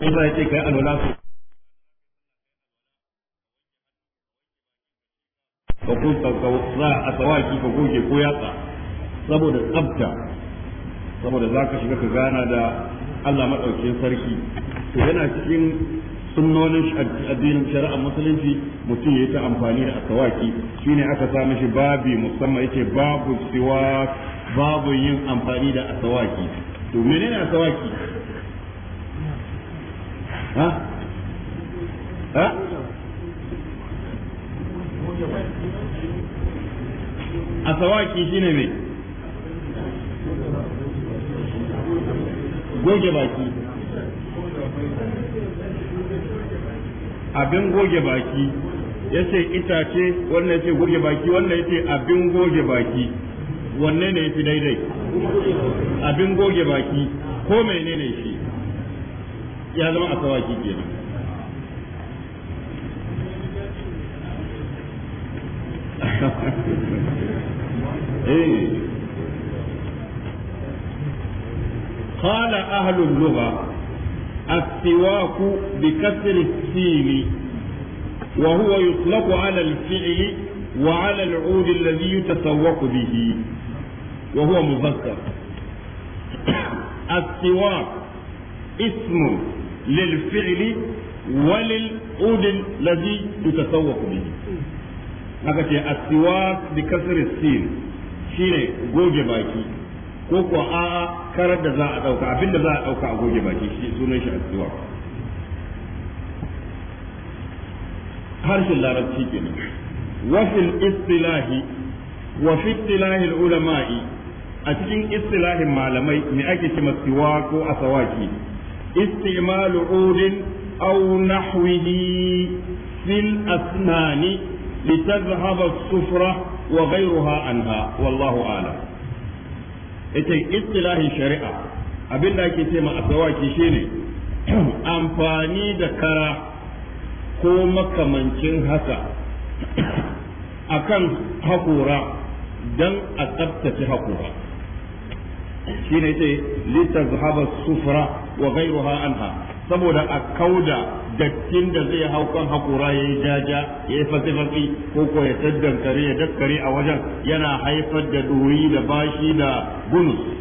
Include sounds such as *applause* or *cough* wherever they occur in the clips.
sai za a ce kai alwala ka ko ka sa a tsawaki ka goge ko yatsa saboda tsafta saboda za ka shiga ka gana da Allah maɗaukin sarki to yana cikin sunnonin addinin shari'ar musulunci mutum ya yi ta amfani da asawaki shine aka sa mishi babi musamman yake babu siwa babu yin amfani da asawaki to menene asawaki ha ha a sawaki shine me goge baki abin goge baki ya ce itace wannan ya ce goge baki wannan ya ce abin goge baki wanne ne ya fi daidai abin goge baki ko menene shi ya zama tawaki kenan eh قال أهل اللغة السواك بكسر السين وهو يطلق على الفعل وعلى العود الذي يتسوق به وهو مذكر *coughs* السواك اسم للفعل وللأود الذي يتسوق به هكذا السواك بكسر السين شيء goge baki ko kuwa a'a karar da za a ɗauka abin za a ɗauka a goge baki sunan shi asuwa harshen larabci kenan wafil istilahi wa fi ulama'i a cikin istilahin malamai me ake cewa siwa ko asawaki استعمال عود أو نحوه في الأسنان لتذهب السفرة وغيرها عنها والله أعلم ita istilahin shari'a abin da ake ce ma asawaki shine amfani da kara ko makamancin haka akan hakora don a tsabtace hakora shine ce sufra wa ghayruha anha saboda a kauda dattin da zai hau kan hakura ya yi jaja ya yi fasifafi ko ko ya taddankare ya dakkare a wajen yana haifar da duri da bashi da gunus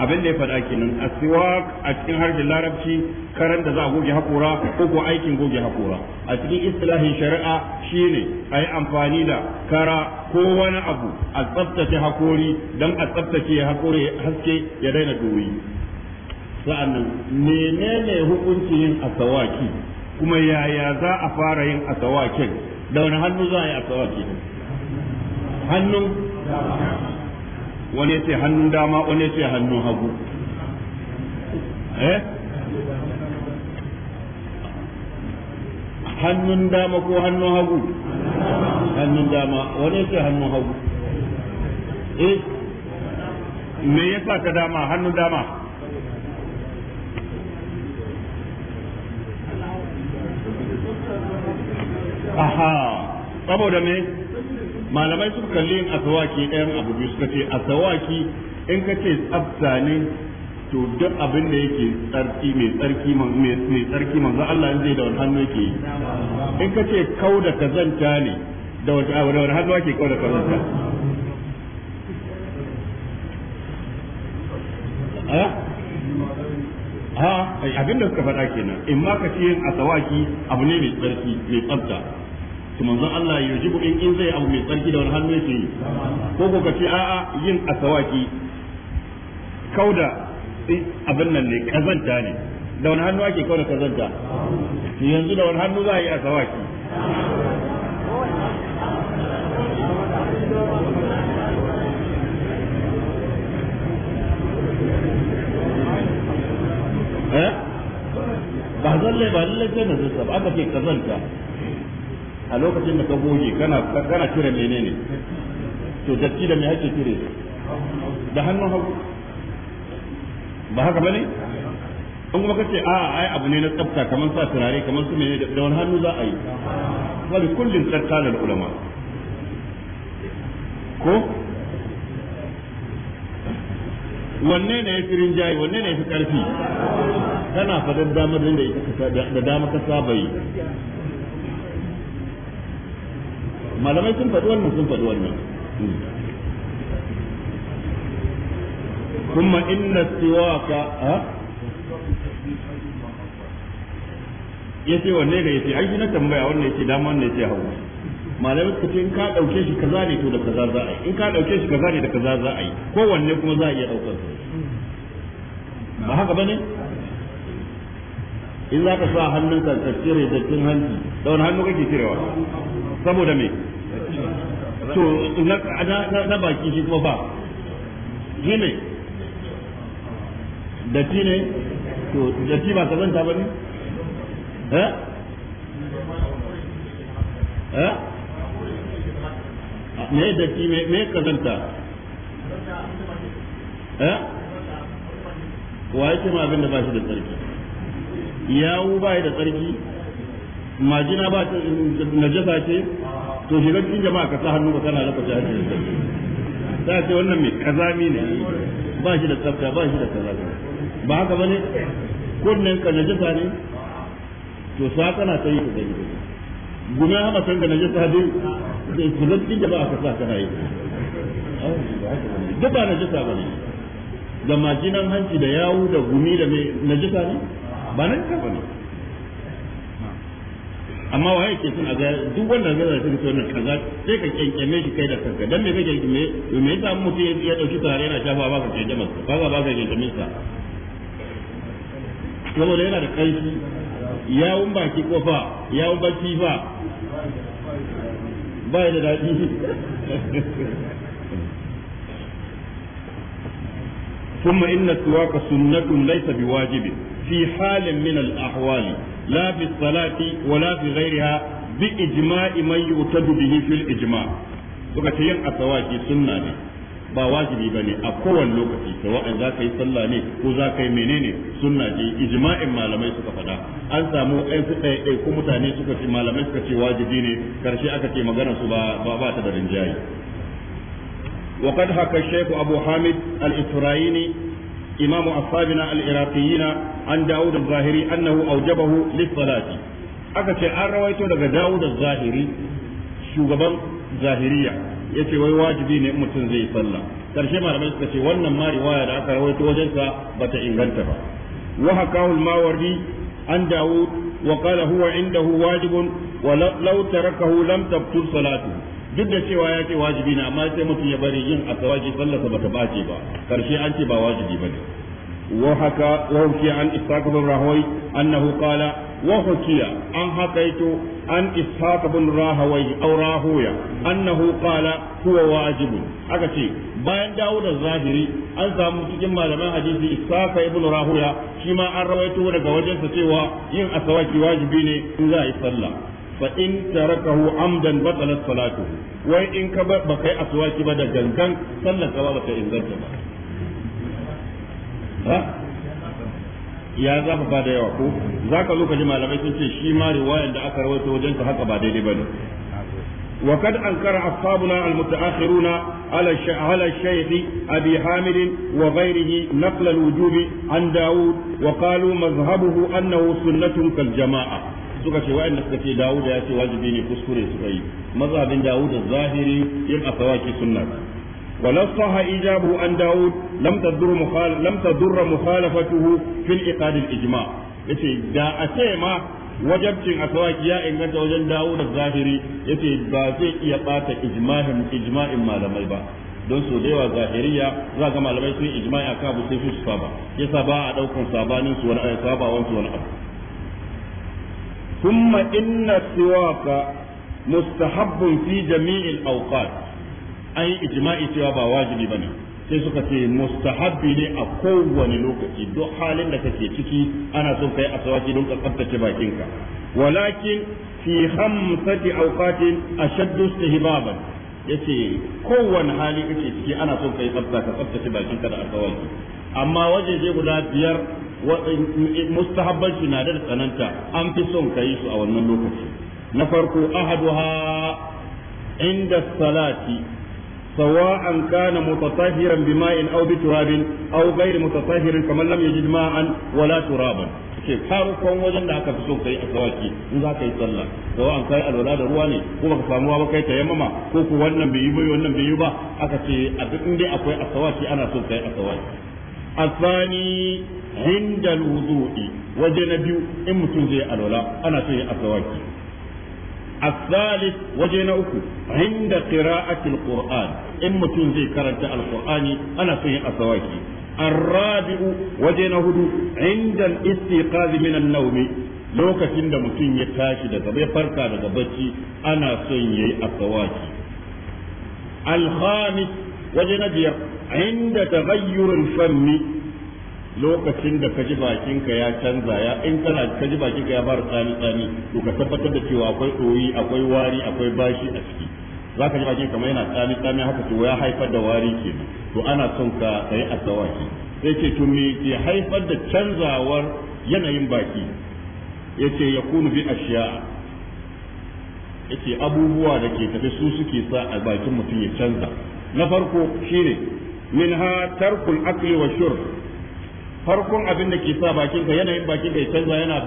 abin da ya faɗa kenan asiwak a cikin harshen larabci karan da za a goge hakora ko ko aikin goge hakora a cikin istilahin shari'a shine a yi amfani da kara ko wani abu a tsaftace haƙori don a tsaftace haƙori haske ya daina doyi sa'annan menene hukuncin yin asawaki kuma yaya za a fara yin asawakin da wani hannu za a yi asawaki wani ya ce hannun dama wani ya ce hannun hagu eh hannun dama ko hannun hagu hannun dama wani ya ce hannun hagu eh me yasa ka dama hannun dama aha saboda me malamai suka kalli a sawaki ɗayan abu biyu suka ce a sawaki in ka ce tsafta ne to duk abin da yake tsarki mai tsarki mai tsarki manzo Allah zai da wani hannu yake in ka ce kau da kazanta ne da wani hannu ake kau da kazanta ha abin da suka faɗa kenan in ma ka ce a sawaki abu ne mai tsarki mai tsafta to manzon Allah ya yujibu in in zai abu mai tsarki da wani hannu yake yi ko ko ka ce a'a yin asawaki kauda eh, abin nan ne kazanta ne da wani hannu ake kauda kazanta yanzu da wani hannu za a yi asawaki eh? ba zalle ba lalle na zai sabu aka ce kazanta a lokacin da ka goge kana cire mene ne to datti da mai hake cire da hannun hagu ba haka bane an kuma kace a ai abu ne na tsafta kamar sa turare kamar su mene da wani hannu za a yi wa li kullin tsakkalal ulama ko wanne ne ya firin jayi wanne ne ya fi karfi kana fadar damar da da dama ka saba yi malamai sun faɗi wannan sun faɗi wannan kuma inna siwaka ha ce wanne ne yace ai na tambaya wanne yace dama wanne yace hawa malamai suka ce in ka dauke shi kaza ne to da kaza za a yi in ka dauke shi kaza ne da kaza za a yi ko wanne kuma za a iya daukar su ba haka bane in za ka sa hannunka ka da tun hanci da wani hannu kake cirewa saboda me to na baki shi kuma ba shi ne datti ne to datti ba kazanta ba ne eh eh me datti me kazanta eh wa yake ma abin da ba shi da tsarki yawu ba da tsarki majina ba ta najasa ce to shiga cikin jama'a ka sa hannu ba kana rafa jahilci sai ce wannan mai kazami ne ba shi da tsafta ba shi da kaza ba haka bane kunnen ka najasa ne to sa kana ta yi ka gani guna hama san ka najasa dai sai ku zan cikin jama'a ka sa kana yi duk ba najasa bane da majinan hanci da yawu da gumi da mai najasa ne ba nan ka bane amma waye ke suna ga duk wanda zai zai cikin wannan kaza sai ka kyankyame shi kai da kanka dan me kake to me yasa mu sai ya dauki tare yana shafa ba ka kyankyame ba ka ba ka kyankyame sa saboda yana da kai ya wun baki kofa ya wun baki fa ba da daɗi ثم إن السواق سنة ليس بواجب في حال من الأحوال لا في الصلاة ولا في غيرها بإجماع من يؤتد به في الإجماع وكتير أسواكي سنة ba wajibi bane a kowane lokaci sawa'in za ka yi sallah ne ko za ka yi menene sunna ce ijma'in malamai suka faɗa an samu ɗan su ɗaya ko mutane suka ce malamai suka ce wajibi ne karshe aka ce magana su ba ba ta da rinjaye haka shaykh abu hamid al الإسرائيلي إمام أصحابنا العراقيين عن داود الظاهري أنه أوجبه للصلاة أكثر أن رويته لك داود الظاهري شوغبا ظاهرية yace wai wajibi ne mutum zai sallah karshe malamai suka ce wannan mari waya da aka rawaito wajensa bata inganta ba wa hakahu al an daud wa qala huwa indahu wajibun wa law tarakahu lam tabtul duk da cewa ya ce wajibi ne amma sai mutum ya bari yin sallar sallarsa bata bace ba karshe an ce ba wajibi bane وحكى وحكي عن إسحاق بن راهوي أنه an وحكي ito an ishaq bin بن aw rahuya annahu qala huwa هو Aka ce bayan dawo da zahiri an samu cikin malaman hadisi ishaq ibn rahuya shi ma an rawaito daga wajensa cewa yin asawaki wajibi ne in za a yi sallah fa in tarakahu amdan batalat salatuhu wai in ka ba kai aswaki ba da gangan sallar ka ba ta inganta ba ya zafa ba yawa ko zaka ka ji malamai sun ce shi ma riwayar da aka rawaito wajen ka haka ba daidai bane وقد أنكر أصحابنا المتأخرون على على الشيخ أبي حامد وغيره نقل الوجوب عن داود وقالوا مذهبه أنه سنة كالجماعة suka ce wa'anda suka ce Dawud ya ce wajibi ne kuskure suka yi mazhabin da zahiri yin asawaki sunna ولو صح إجابه عن داود لم تضر مخالف لم تضر مخالفته في الإيقاد الإجماع yace da a ce ma wajabcin asawaki ya inganta wajen dawo da zahiri yace ba zai iya bata ijma'in malamai ba don so da yawa zahiriya za ga malamai sun ijma'i akan abu sai su saba yasa ba a daukan sabanin su wani sabawan su wani abu ثم إن السواك مستحب في جميع الأوقات أي إجماع wajibi واجب بني sai suka ce mustahabbi ne a kowane lokaci duk halin da kake ciki ana son kai asawaki don ka tsaftace bakinka walakin fi khamsati awqatin ashaddu istihbaban yace kowane hali kake ciki ana son kai tsafta ka tsaftace bakinka da asawaki amma waje je guda biyar mustahabban shi na da tsananta an fi son ka su a wannan lokaci na farko ahaduha inda salati سواء كان متطهرا بماء او بتراب او غير متطهر كمن لم يجد ماء ولا ترابا ce farkon wajen da aka fi so kai a in za ka yi sallah sawa an kai alwala da ruwa ne ko baka samu ba kai tayammama ko ku wannan bai yi ba wannan bai yi ba aka ce a duk inda akwai asawaki ana son kai asawaki asani inda alwudu'i waje na biyu in mutum zai alwala ana so ya asawaki الثالث وجهنا أكو عند قراءة القرآن إما تنزي كرنت القرآن أنا في أسواكي الرابع وجهنا عند الاستيقاظ من النوم lokacin da mutum ya tashi daga bai farka daga bacci ana son yayi asawaki alhamis waje na biyar inda taghayyurul fanni lokacin da ka ji bakinka ya canza ya in kana ka ji bakinka ya fara tsani tsani to ka tabbatar da cewa akwai ɗoyi akwai wari akwai bashi a ciki za ka ji bakin kamar yana tsani tsani haka to ya haifar da wari ke to ana son ka kai asawaki sai ce to me ke haifar da canzawar yanayin baki yace kunu bi ashiya yace abubuwa da ke tafi su suke sa a bakin mutum ya canza na farko shine min ha tarkul akli wa shurb farkon abin da ke sa bakinka yanayin bakin ya canza yana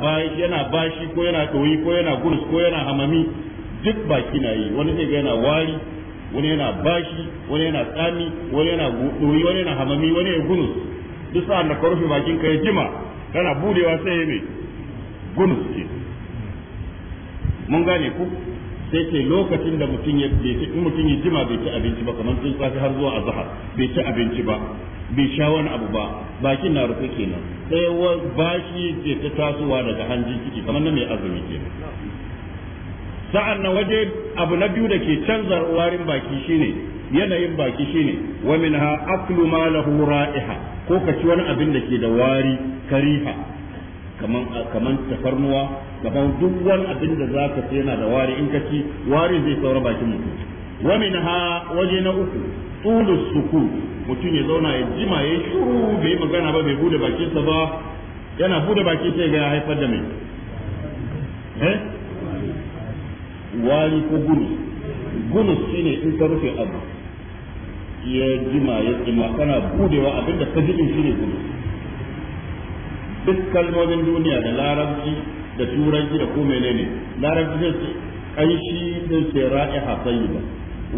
yana bashi ko yana ɗoyi ko yana gurus ko yana hamami duk baki na yi wani zai ga yana wari wani yana bashi wani yana tsami wani yana ɗoyi wani yana hamami wani ya gurus duk sa'an da karfe bakin bakinka ya jima kana budewa sai ya mai gurus ce mun gane ku sai ce lokacin da mutum ya mutum ya jima bai ci abinci ba kamar tsuntsafi har zuwa azhar bai ci abinci ba bai sha wani abu ba bakin na rufe kenan sai bashi ce ta tasowa daga hanjin ciki kamar na mai azumi kenan sa'an waje abu na biyu da ke canza warin baki shine yanayin baki shine wa minha aklu ma lahu ra'iha ko ka ci wani abin da ke da wari kariha kaman kaman tafarnuwa gaban duk wani abin da zaka ci yana da wari in ka ci wari zai saura bakin mutum wa minha waje na uku tulus suku mutum ya zauna ya jima ya shuru bai magana ba bai bude baki sa ba yana bude baki sai ga ya haifar da mai eh wari ko gunu shi shine in ka rufe abu ya jima ya jima kana budewa abinda ka shi ne gunu duk kalmomin duniya da larabci da turanci da ko ne larabci zai ce shi zai ce ra'iha ba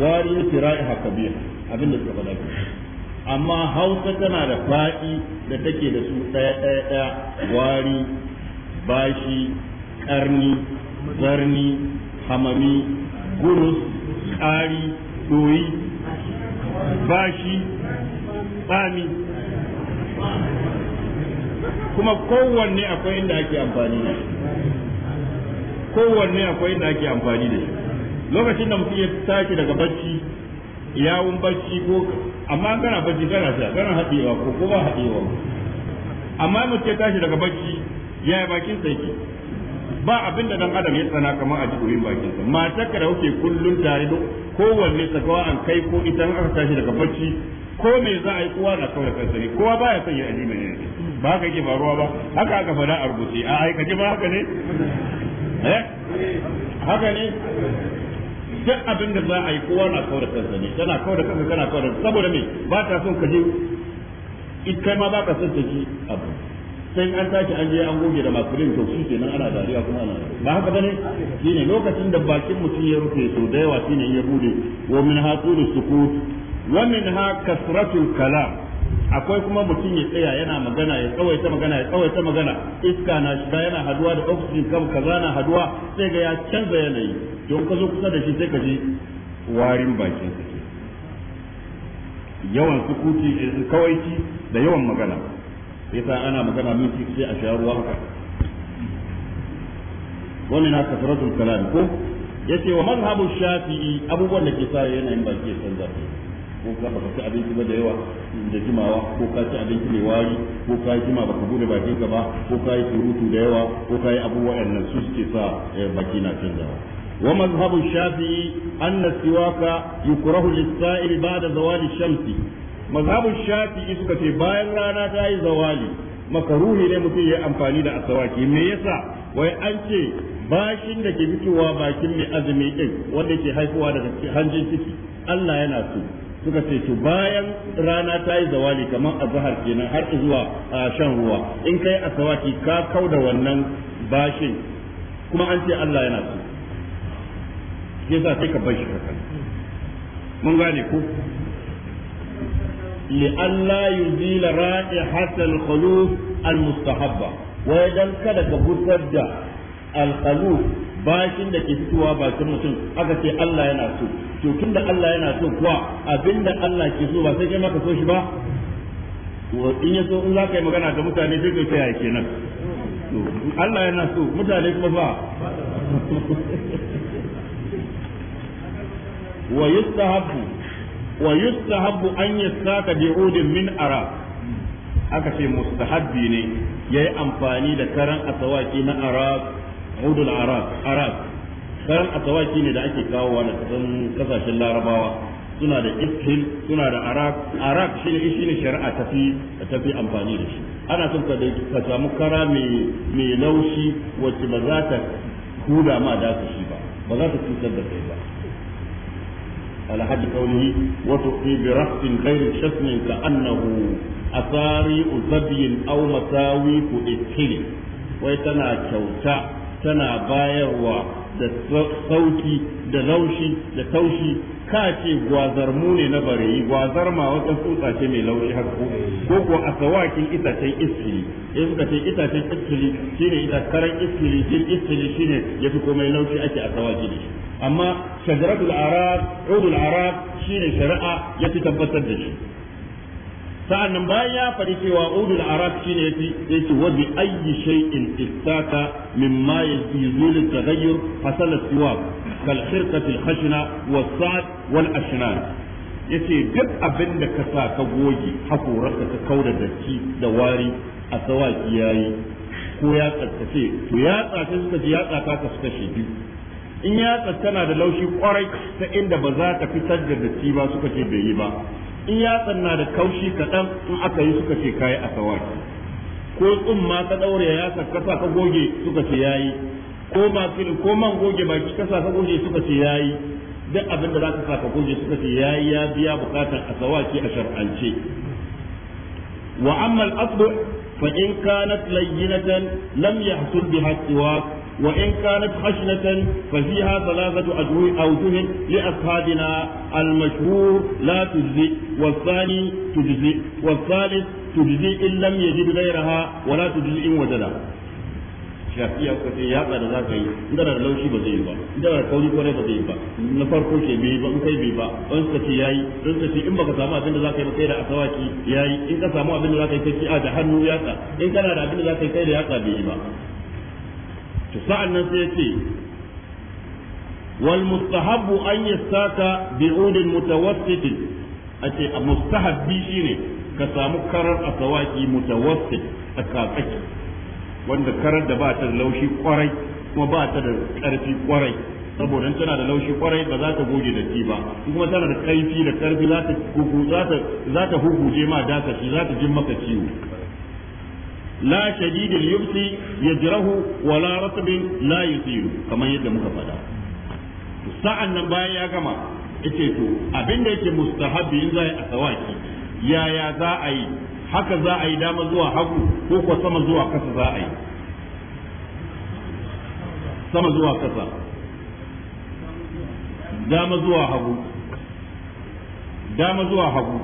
wari zai ce ra'iha kabira abin da suka faɗa amma hausa tana da faɗi da take da su ɗaya ɗaya ɗaya wari bashi ƙarni zarni hamami gurus ƙari ɗoyi bashi tsami kuma kowanne akwai inda ake amfani da shi kowanne akwai inda ake amfani da shi lokacin da mutum ya tashi daga bacci yawun bacci ko amma kana bacci kana sa kana haɗewa ko ko haɗewa amma mutum ya tashi daga bacci ya yi bakin sa yake ba abin da dan adam ya tsana kamar a jikin bakin sa matar ka da kuke kullun tare da kowanne sakawa an kai ko ita aka tashi daga bacci ko me za a yi kowa na kawai kansa ne kowa baya son ya alima ne ba haka yake faruwa ba haka aka faɗa a rubuce a aikace ba haka ne eh haka ne duk abin da za a yi kowa na kawo da kansa ne tana kawo da kansa tana kawo da saboda me ba ta son ka je in kai ma ba ka son ta ji abu sai an tashi an je an goge da makulin to shi kenan ana dariya kuma ana ba haka bane shine lokacin da bakin mutum ya rufe to da yawa shine ya bude wa min haqulu sukut wa min ha kasratul kalam akwai kuma mutum ya tsaya yana magana ya tsawaita magana ya tsawaita magana iska na shiga yana haduwa da oxygen kam kaza na haduwa sai ga ya canza yanayi don ka zo kusa da shi sai ka ji warin bakin sa yawan sukuti eh, kawaici da yawan magana yasa ana magana minti sai a sha ruwa haka wani na kasaratul kalam ko yace wa mazhabu shafi'i abubuwan da ke sa yanayin baki ya canza ko ka baka ci abinci ba da yawa da jimawa ko ka ci abinci mai wari ko ka yi jima baka bude bakin ka ba ko ka yi surutu da yawa ko ka yi abubuwan nan su suke sa eh, baki na canzawa Wa ومذهب الشافعي أن السواك يكره للسائل بعد زوال الشمس مذهب الشافعي سكتي باين رانا تاي زوالي makaruhi ne mutum ya yi amfani da asawaki me yasa wai an ce bashin da ke fitowa bakin mai azumi din wanda ke haifuwa daga hanjin ciki Allah yana so suka ce to bayan rana ta yi zawali kamar a azhar kenan har zuwa shan ruwa in kai asawaki ka kauda wannan bashin kuma an ce Allah yana so ya sai ka bar shi haka mun gane ko al يزيل رائحة الخلوف kada ويدل كذا da al الخلوف bashin da ke fitowa bakin mutum aka ce Allah yana so to da Allah yana so kuwa abinda Allah ke so ba sai kai maka so shi ba in ya so in za ka yi magana ga mutane sai ka tsaya kenan Allah yana so mutane kuma ba wa yustahabbu wa yustahabbu an yasaka bi udin min ara aka ce mustahabbi ne yayi amfani da karan asawaki na arab udul arab arab karan asawaki ne da ake kawo wa kasashen larabawa suna da ishil suna da arak arak shine shine shari'a tafi tafi amfani da shi ana son ka ka samu kara mai mai laushi wacce ba za ta huda ma da shi ba ba za ta cutar da kai ba على حد قوله وتؤتي برأس غير شتم كأنه أثاري زبي أو مساوي فإدخلي ويتنا كوتا تنا باير da sauki da laushi da taushi ka ce gwazar mu ne na bareyi gwazar ma wata tsutsa ce mai laushi har ko ko ko a sawakin itacen iskili in suka ce itacen iskili shine ita karan iskili jin iskili shine yafi komai laushi ake a sawaki da amma shajaratul arab udul arab shine shari'a yafi tabbatar da shi sa'annan bayan ya faɗi cewa udul arab shine yafi yace wa bi ayyi shay'in istaka mimma yazul taghayyur hasala siwak kal khirqati al khashna was sa'd wal ashnan yace duk abin da ka sa ka goge hakorarka ka kauda datti da wari a sawaki yayi ko ya tsaftace to ya tsace suka ji ya tsaka ka suka shi biyu in ya tana da laushi kwarai ta inda ba za ta fitar da datti ba suka ce bai yi ba in yatsan na da kaushi kaɗan in aka yi suka ce kayi asawaki ko ma ka ɗaure yatsan kasa ka goge suka ce yayi ko fili ko man goge baki kasa ka goge suka ce yayi duk abin da za ka ka goge suka ce yayi ya biya bukatar asawaki a shar'ance wa amma al-asbu fa in kanat layyinatan lam yahsul biha siwak وإن كانت خشنة ففيها ثلاثة أجوه أوجه لأصحابنا المشهور لا تجزي والثاني تجزي والثالث تجزي إن لم يجد غيرها ولا تجزي إن وجدها shafiya ko sai yaba da za ka yi inda da laushi ba zai yi ba inda da kauri kwarai ba zai yi ba na farko ce bai ba in kai bai ba wani suka ce yayi in suka ce in baka samu abin da za ka yi ba kai da asawaki yayi in ka samu abin da za ka yi kai a da hannu ya yatsa in kana da abin da za ka yi kai da ya yatsa bai yi ba to sa'an nan sai ya ce wal mustahabbu an yastaka bi a mutawassit a mustahabbi shine ka samu karar asawaki mutawassit a kakaki wanda karar da ba ta da laushi kwarai kuma ba ta da karfi kwarai saboda in tana da laushi kwarai ba za ta goge da ba kuma tana da kaifi da karfi za ta za ta huguje ma dakashi za ta jin maka ciwo la shadidil yubsi yajrahu wa la ratbin la yusiru kamar yadda muka faɗa sa'an nan bayan ya gama yace to abinda yake mustahabi in za a sawaki yaya za a yi haka za a yi dama zuwa hagu ko ko sama zuwa kasa za a yi sama zuwa kasa dama zuwa hagu dama zuwa hagu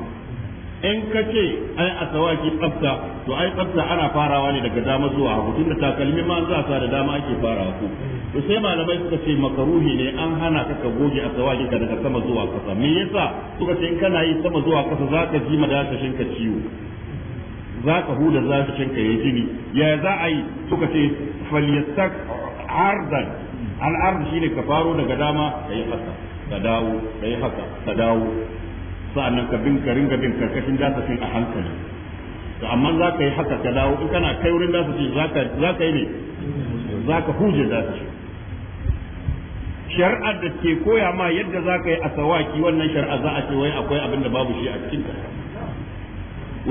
in ka ce ai a sawaki tsafta to ai tsafta ana farawa ne daga dama zuwa hagu tunda takalmi ma za sa da dama ake farawa ko to sai malamai suka ce makaruhi ne an hana ka ka goge a sawaki ka daga sama zuwa kasa me yasa suka ce in kana yi sama zuwa kasa za ka ji madasashin ka ciwo za ka huda zafishin ka yayi jini ya za a yi suka ce falyastak ardan al shi shine ka faro daga dama kai haka ka dawo kai haka ka dawo sa'annan ka bin ka ringa bin karkashin dasashin a hankali to amma za ka yi haka ka dawo in kana kai wurin dasashin za ka yi ne za ka huje dasashin shari'ar da ke koya ma yadda za ka yi a sawaki wannan shari'a za a ce wai akwai abin da babu shi a cikin ta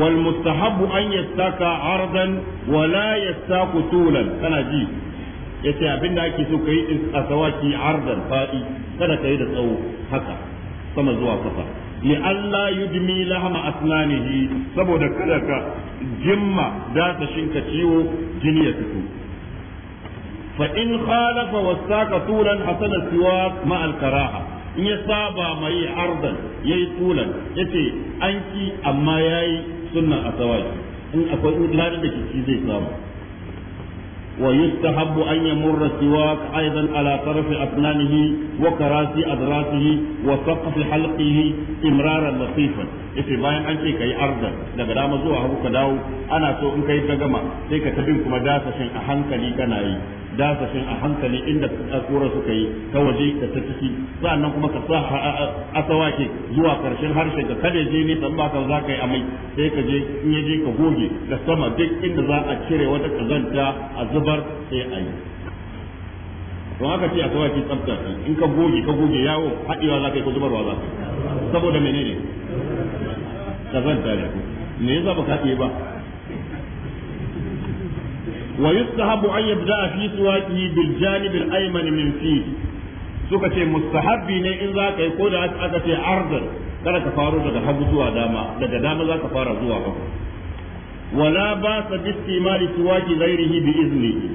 wal mustahabu an yastaka ardan wa la yastaku tulan kana ji yace abin da ake so kai a sawaki ardan fa'i kada ka yi da tsawo haka sama zuwa kafa li alla yudmi lahma aslanihi saboda kada ka jimma da ta shinka ciwo jini ya fito fa in khalafa wasaka tulan hasana siwak ma al karaha in ya saba mai ardan yayi tulan yace an amma yayi sunnan asawaki in akwai ladan da kici zai samu ويستحب أن يمر السواك أيضا على طرف أسنانه وكراسي أدراسه وسقف حلقه إمرارا لطيفا إذا باين أنت كي أرضا لقد ما زوها كداو أنا سوء كي تجمع لكي تبين كما داسا شيء أحنك لي كنائي dasashin a hankali inda tsakura suka yi ta waje da ta ciki nan kuma ka sa asawake zuwa karshen harshe ka kada je ne san baka za ka yi amai sai ka je in ya je ka goge da sama duk inda za a cire wata kazanta a zubar sai a yi don haka ce asawake tsafta in ka goge ka goge yawo haɗewa za ka yi ko zubarwa za ka saboda menene kazanta ne me yasa ba ka ba ويستحب أن يبدأ في سواكه بالجانب الأيمن من فيه suka ce mustahabbi ne in za ka yi ko da aka ce arzar kada ka faro daga hagu zuwa dama daga dama za ka fara zuwa hagu wala ba sa bistimali suwaki ghairihi bi iznihi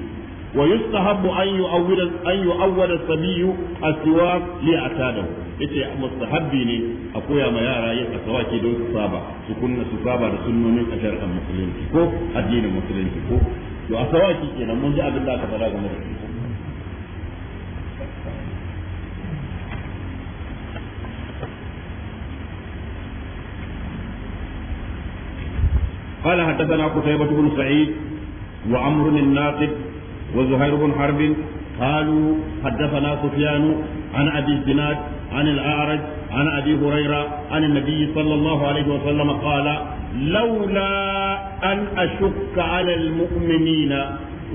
wa yustahabbu an yu'awwida an yu'awwada sabiyu as-siwak li atadahu yace mustahabbi ne a koya ma yara yin asawaki don su saba su kunna da sunnonin a musulunci ko addinin musulunci ko to a sawaki kenan mun ji abin da aka faɗa game da shi قال حدثنا قتيبة بن سعيد وعمر الناقد وزهير بن حرب قالوا حدثنا سفيان عن ابي الزناد عن الاعرج عن ابي هريره عن النبي صلى الله عليه وسلم قال لولا أن أشك على المؤمنين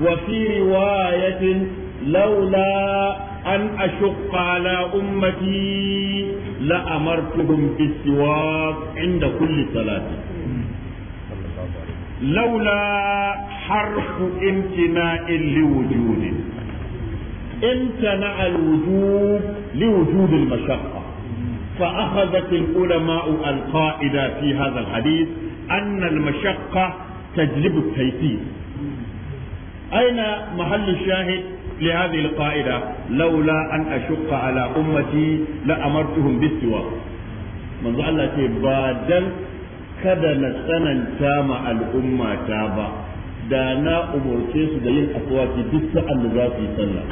وفي رواية لولا أن أشق على أمتي لأمرتهم بالسواك عند كل صلاة لولا حرف امتناء لوجود امتنع الوجود لوجود المشقة فأخذت العلماء القائدة في هذا الحديث أن المشقة تجلب التيسير أين محل الشاهد لهذه القاعدة لولا أن أشق على أمتي لأمرتهم بالسواك manzo Allah ce ba dan kada na tsananta ma al'umma ta ba da na umurce su da yin aswaki duk sa'an da za su yi sallah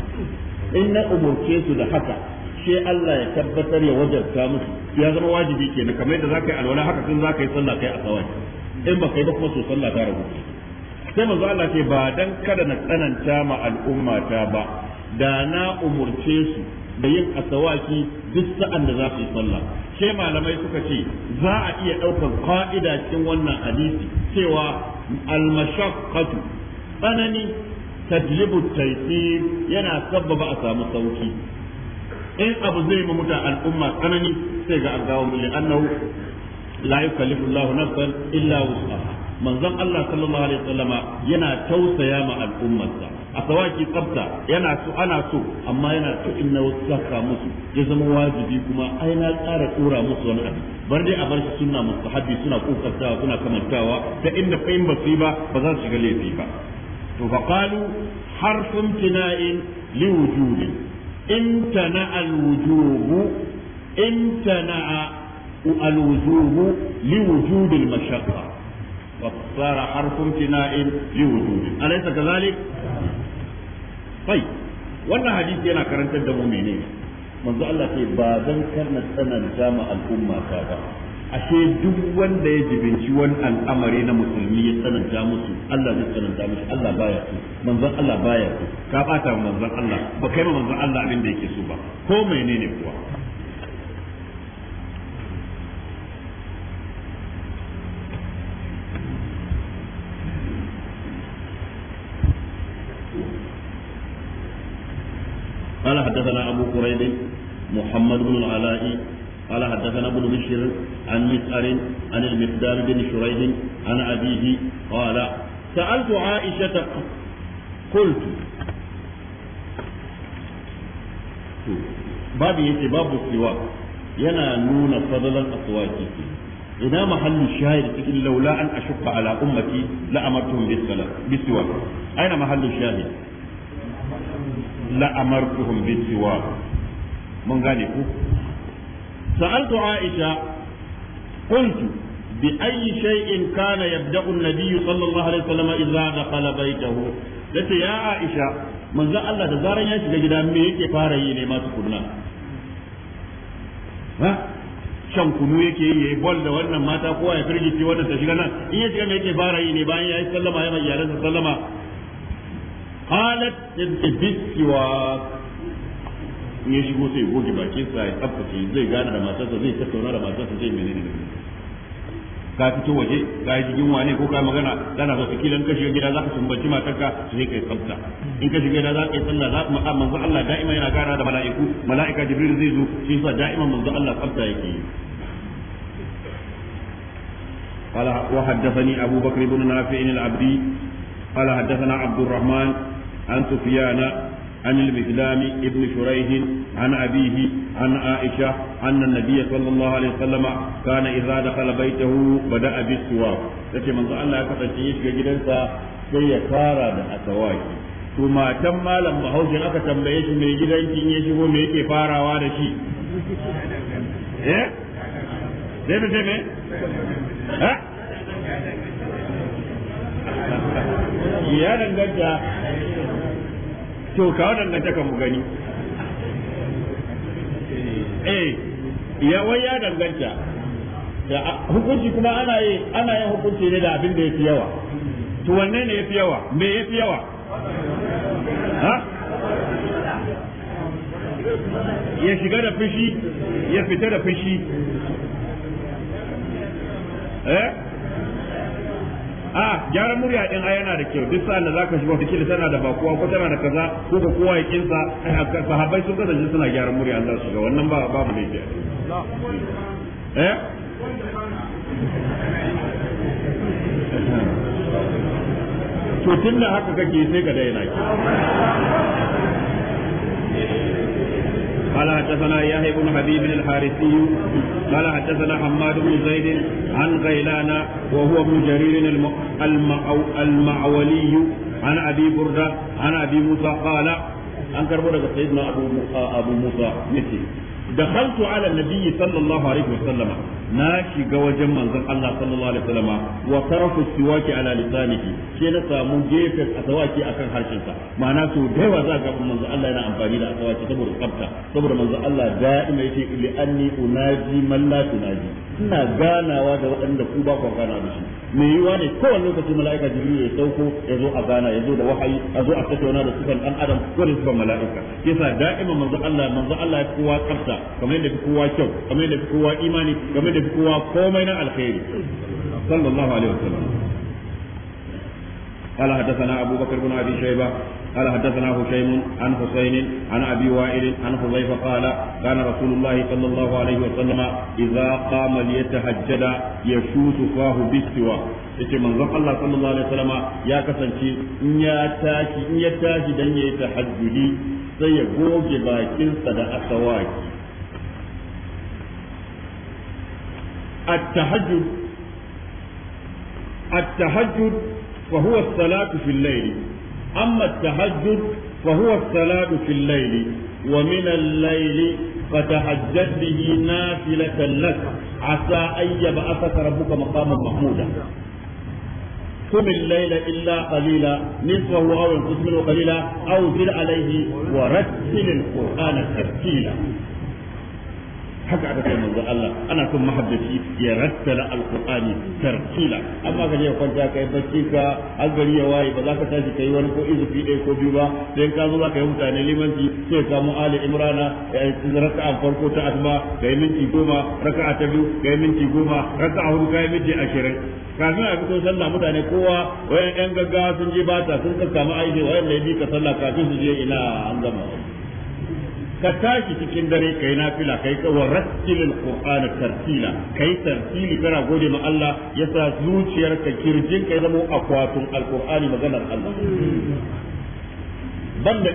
in na umurce su da haka sai Allah ya tabbatar ya wajabta musu ya zama wajibi kenan kamar yadda zaka yi alwala haka za zaka yi sallah kai a kawai in ba kai ba kuma so sallah ta rabu sai manzo Allah ce ba dan kada na tsananta ma al'umma ta ba da na umurce su da yin asawaki duk sa'an da za su yi sallah sai malamai suka ce za a iya ɗaukar ka'ida cikin wannan hadisi cewa al-mashaqqatu tsanani tajlibu taysir yana sabbaba a samu sauki in abu zai ma mutan al'umma tsanani sai ga an gawo mulli annahu la yukallifu Allahu nafsan illa wus'aha manzon Allah sallallahu alaihi wasallama yana tausaya ma al'ummarsa a sawaki tsafta yana so ana so amma yana so inna na musu ya zama wajibi kuma ai na tsara tsora musu wani abu bar dai a bar shi sunna mustahabi suna kokartawa suna kamantawa ta inda in ba su ba ba za su shiga laifi ba to fa qalu harfun tina'in liwujudin امتنع الوجوب امتنع الوجوب لوجود المشقة فصار حرف امتناء لوجود أليس كذلك؟ طيب wannan hadisi yana karantar da mu menene manzo Allah ce ba zan karna tsananta ma al'umma ta ba ashe duk wanda ya jibinci wani al'amari na musulmi ya tsananta musu Allah zai tsananta musu Allah baya so manzon Allah baya so ka bata manzon Allah ba kai manzon Allah abin da yake so ba ko menene kuwa قال حدثنا أبو قريب محمد بن العلائي قال حدثنا ابن بشير عن مسأل عن المقدار بن شريح عن أبيه قال سألت عائشة قلت babu yace babu siwa yana nuna fadalan aswaki ina mahallu shahid cikin laula an ashqa ala ummati la amartuhum aina mahallu shahid mun gane ku سألت عائشة قلت بأي شيء كان يبدأ النبي صلى الله عليه وسلم إذا دخل بيته لك يا عائشة من ذا الله تزارا يشجع جدا ميك فاري ما تقولنا ها shan kunu yake yi yayi bol da wannan mata a ya firgice wannan ta shiga nan in ya shiga me yake fara yi ne bayan ya yi sallama ya mai yaran sallama qalat tibbiwa in ya shigo sai goge sa ya tsabtace zai gane da matarsa zai tattauna da matarsa zai menene ne. ka fito waje ka yi jigin wane ko ka magana kana so kilan kashi shiga gida zaka sumbanci matarka sai kai tsafta in ka shiga gida za ka yi sallah za ka manzo Allah da'ima yana gana da mala'iku mala'ika jibril zai zo shi yasa da'ima manzo Allah tsabta yake yi قال وحدثني أبو بكر بن نافع العبدي قال حدثنا عبد الرحمن عن سفيان عن المقدام ابن شريح عن أبيه عن عائشة أن النبي صلى الله عليه وسلم كان إذا دخل بيته بدأ بالسواك تشي من قال الله كتشيش جدنسا سيكارا أسواكي to matan malam bahaushe aka tambaye shi mai gidan kin ya shigo me yake farawa da shi eh zai bi me ha ya danganta to ka ta mu gani eh ya wai ya danganta da hukunci kuma ana yi ana yin hukunci ne da abin da fi yawa to wanne ne fi yawa me fi yawa ha ya shiga da fushi ya fita da fushi eh a gyaran murya din ai yana da kyau duk sa'an da zaka shiga wata kila tana da bakuwa ko tana da kaza ko ka kowa ya kinsa sahabbai sun kasance suna gyaran murya Allah su ga wannan ba mu ne ke eh to tunda haka kake sai ka daina ki قال حدثنا يحيى بن حبيب الحارثي قال حدثنا حماد بن زيد عن غيلان وهو ابن جرير المعولي عن ابي برده عن ابي موسى قال an karbo daga sayyidina abu musa abu musa yace dakhaltu ala nabiyyi sallallahu alaihi wasallama na shiga wajen manzon Allah sallallahu alaihi wasallama wa tarafu siwaki ala lisanihi sai na samu gefen asawaki akan harshen sa ma'ana so da yawa za ga manzon Allah yana amfani da asawaki saboda tsafta saboda manzon Allah da'ima yake li anni unaji man la tunaji ina ganawa da waɗanda kuba ba ku mai yiwa ne kowane lokaci mala'ika jibril ya sauko ya zo a gana ya zo da wahayi a zo a tattauna da sukan dan adam ko da sukan mala'ika yasa da'ima manzo Allah manzo Allah ya kowa karta kamar yadda kowa kyau kamar yadda kowa imani kamar yadda kowa komai na alkhairi sallallahu alaihi wasallam قال حدثنا أبو بكر بن أبي شيبة قال حدثنا هشيم عن حسين عن ابي وائل عن حذيفه قال كان رسول الله صلى الله عليه وسلم اذا قام ليتهجد يشوش فاه بالسواك yace manzon Allah sallallahu alaihi wasallama ya kasance in ya tashi in ya tashi dan yayi tahajjudi sai ya goge bakinsa da asawaki at-tahajjud at-tahajjud fa huwa as-salatu fil layl أما التهجد فهو الصلاة في الليل ومن الليل فتهجد به نافلة لك عسى أن يبعثك ربك مقاما محمودا قم الليل إلا قليلا نصفه أو انقص منه قليلا أو زل عليه ورتل القرآن ترتيلا haka aka kai manzo Allah ana son mahaddaci ya rattala alqur'ani tartila amma ka je kwanta kai bacci ka har ya waye ba za ka tashi kai wani ko izufi ɗaya ko biyu ba sai ka zo za ka yi mutane limanci sai ka mu ali imrana raka'a farko ta asma kai minti goma raka'a ta biyu kai minti goma raka'a hudu kai minti ashirin kafin a fito sallah mutane kowa wayan yan gaggawa sun je bata sun ka aiki wayan da ya bi ka sallah kafin su je ina an gama ka tashi cikin dare kai fila kai ka warattilil qur'ana tartila kai tartili kana gode ma Allah sa zuciyarka kirjin kai zama akwatun alqur'ani maganar Allah banda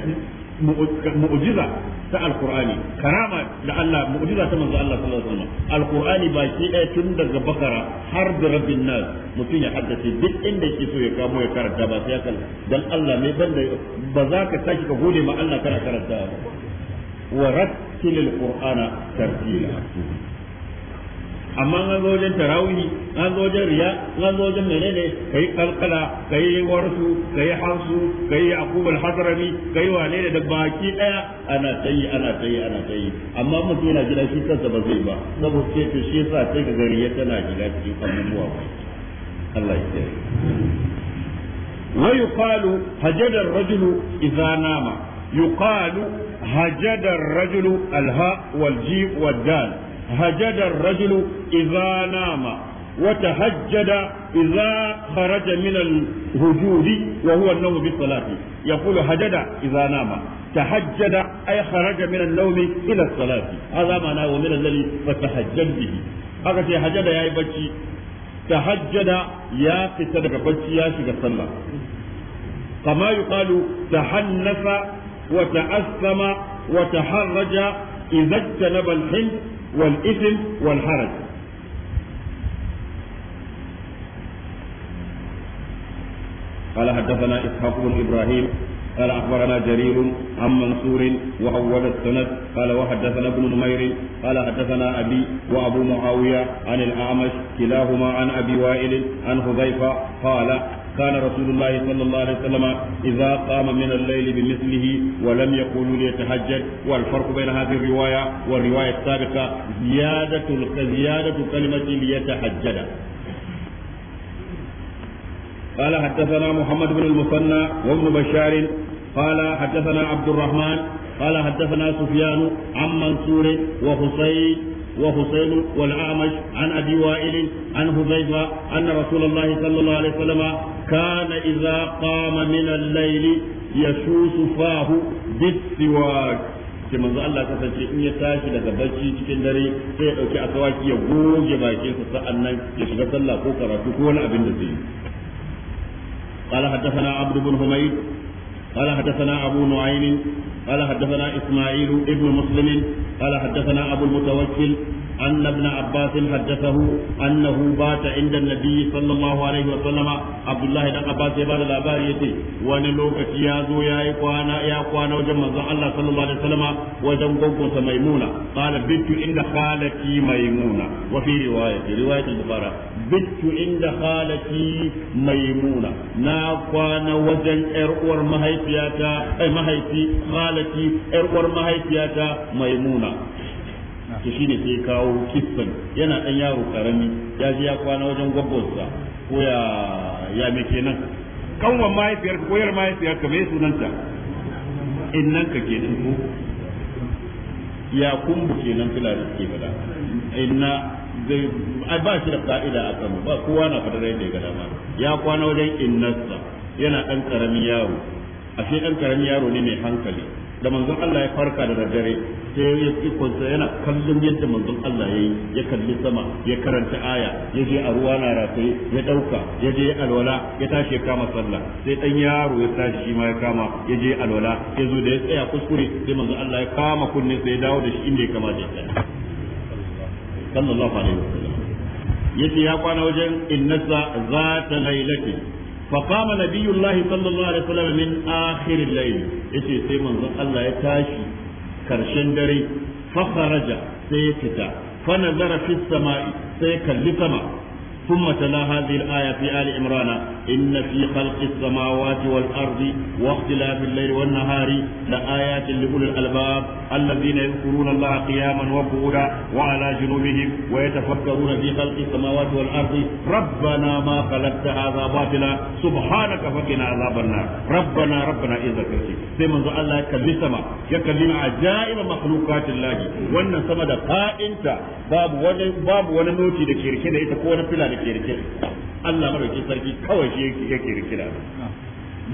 mu'jiza ta alqur'ani karama da Allah mu'jiza ta manzo Allah sallallahu alaihi wasallam alqur'ani baki ɗaya tun daga bakara har da rabbin nas mutum ya haddace duk inda yake so ya kamo ya karanta ba sai ya dan Allah ne banda ba za ka tashi ka gode ma Allah kana karanta ba ورتل القرآن ترتيلا amma an zo wajen tarawih an zo wajen riya an zo wajen menene kai kalkala kai warsu kai hansu kai yaqub al-hadrami kai wane ne da baki daya ana tayi ana tayi ana tayi amma mutum yana gida shi kansa ba zai ba saboda ce to shi yasa sai ga gari tana shiga cikin abubuwa Allah ya kiyaye hajada ar-rajulu idha nama. يقال هجد الرجل الهاء والجيم والدال هجد الرجل إذا نام وتهجد إذا خرج من الهجود وهو النوم بالصلاة يقول هجد إذا نام تهجد أي خرج من النوم إلى الصلاة هذا معناه ومن الذي فتهجد به haka sai hajjada ya yi bacci ta hajjada ya fita daga bacci ya shiga sallah kama yuqalu tahannasa وتأثم وتحرج إذا اجتنب الحلم والإثم والحرج قال حدثنا إسحاق بن إبراهيم قال أخبرنا جرير عن منصور وأول السند قال وحدثنا ابن نمير قال حدثنا أبي وأبو معاوية عن الأعمش كلاهما عن أبي وائل عن حذيفة قال كان رسول الله صلى الله عليه وسلم إذا قام من الليل بمثله ولم يقولوا ليتهجد والفرق بين هذه الرواية والرواية السابقة زيادة زيادة كلمة ليتهجد قال حدثنا محمد بن المثنى وابن بشار قال حدثنا عبد الرحمن قال حدثنا سفيان عن منصور وحسين وحسين والأعمش عن أبي وائل عن حذيفة أن رسول الله صلى الله عليه وسلم كان إذا قام من الليل يشوس فاه بالسواك ke manzo Allah kasance in ya tashi daga barci cikin dare sai ya dauki asawaki ya goge bakin sa sa'annan ya shiga sallah ko karatu ko wani abin da zai yi قال حدثنا عبد بن حميد قال حدثنا أبو نعيم قال حدثنا إسماعيل ابن مسلم قال حدثنا أبو المتوكل أن ابن عباس حدثه أنه بات عند النبي صلى الله عليه وسلم عبد الله بن عباس يبال الأبارية وأن لوكة يازو يا إخوانا يا إخوانا وجمع الله صلى الله عليه وسلم وجمع قوة ميمونة قال بنت عند خالتي ميمونة وفي رواية رواية البخاري bittu inda خالتي maimuna na kwana wajen yar uwar mahaifiyata ai eh, mahaifi khalati uwar mahaifiyata maimuna to shine sai kawo yana dan yaro karami ya ji ya kwana wajen gwaggwarsa ko ya ya me kenan kanwan mahaifiyar ko yar mahaifiyar ka me sunanta innan ka ko ya kumbu kenan da suke fada inna zai ba shi da ka'ida a kanu ba kowa na fadar yadda ya ga dama ya kwana wajen innasa yana ɗan karamin yaro a shi ɗan karamin yaro ne mai hankali da manzon Allah ya farka da daddare sai ya ikonsa yana kallon yadda manzon Allah ya yi ya kalli sama ya karanta aya ya je a ruwa na rafe ya dauka ya je alwala ya tashi ya kama sallah sai dan yaro ya tashi shi ma ya kama ya je alwala ya zo da ya tsaya kuskure sai manzon Allah ya kama kunne sai ya dawo da shi inda ya kama da sallallahu alaihi wasallam yace ya kwana wajen innasa zata lailatin فقام نبي الله صلى الله عليه وسلم من آخر الليل يتي سي منظر الله يتاشي كرشن دري فخرج سيكتا فنظر في السماء سيكل سما ثم تلا هذه الآية في آل عمران إن في خلق السماوات والأرض واختلاف الليل والنهار لآيات لأولي الألباب الذين يذكرون الله قياما وقعودا وعلى جنوبهم ويتفكرون في خلق السماوات والأرض ربنا ما خلقت هذا باطلا سبحانك فقنا عذاب النار ربنا ربنا إذا كنتي سيما الله يكلم سما يكلم عجائب مخلوقات الله وأن سما دقائنت باب ونموتي دكير كده يتكون فلا da ke rike Allah madauki sarki kawai shi yake rike da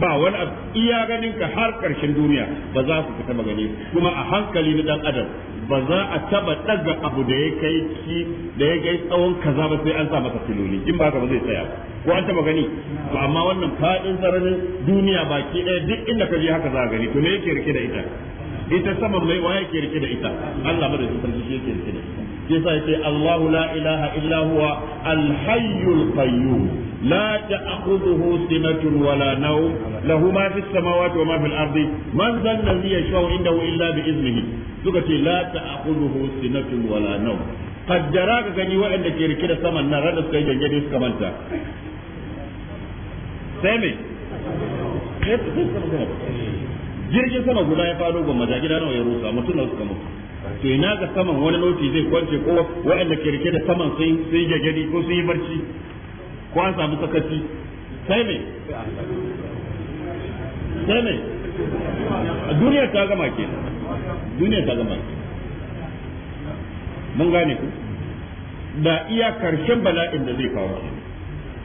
ba wani abu iya ganin ka har karshen duniya ba za ku fita magani kuma a hankali na dan adam ba za a taba daga abu da ya kai ki da ya kai tsawon kaza ba sai an sa masa filoli in ba ka ba zai tsaya ko an taba gani ba amma wannan fadin sararin duniya baki ɗaya duk inda ka je haka za a gani to me yake rike da ita ita sama mai waye yake rike da ita Allah madaukakin sarki yake rike da ita yasa yace Allahu la ilaha illa huwa al-hayyul qayyum la ta'khudhuhu sinatun nawm lahu ma fis samawati wa ma fil ardi man yashfa'u indahu illa bi iznihi suka ce la ta'khudhuhu sinatun nawm ga gani waɗanda ke rike da saman nan rada gangare manta sai me jirgin sama guda ya faɗo gwamma da gida nawa ya rusa mutum na suka mutu to ina ga saman wani lokaci zai kwance ko waɗanda ke rike da saman sun yi jajjadi ko sun yi barci ko an samu sakaci sai me sai me duniya ta gama ke duniya ta gama ke mun gane ku da iya karshen bala'in da zai kawo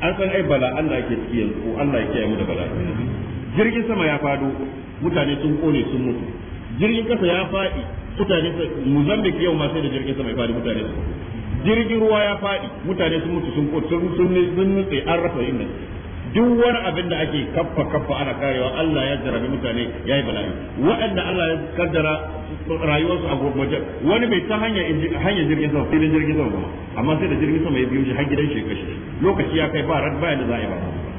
an san ai bala'an da ake ciki yanzu Allah ya kiyaye mu da bala'in jirgin sama ya fado mutane sun kone sun mutu jirgin kasa ya fadi mutane muzambik yau ma sai da jirgin sama ya fadi mutane sun jirgin ruwa ya fadi mutane sun mutu sun kone sun sun nutse an rasa inda duk wani abin da ake kaffa kaffa ana karewa Allah ya jarabi mutane ya yi bala'i waɗanda Allah ya kaddara rayuwarsu a gurbaje wani bai ta hanya hanya jirgin sama filin jirgin sama amma sai da jirgin sama ya biyo shi har gidan shi kashi lokaci ya kai ba ran baya da za a yi ba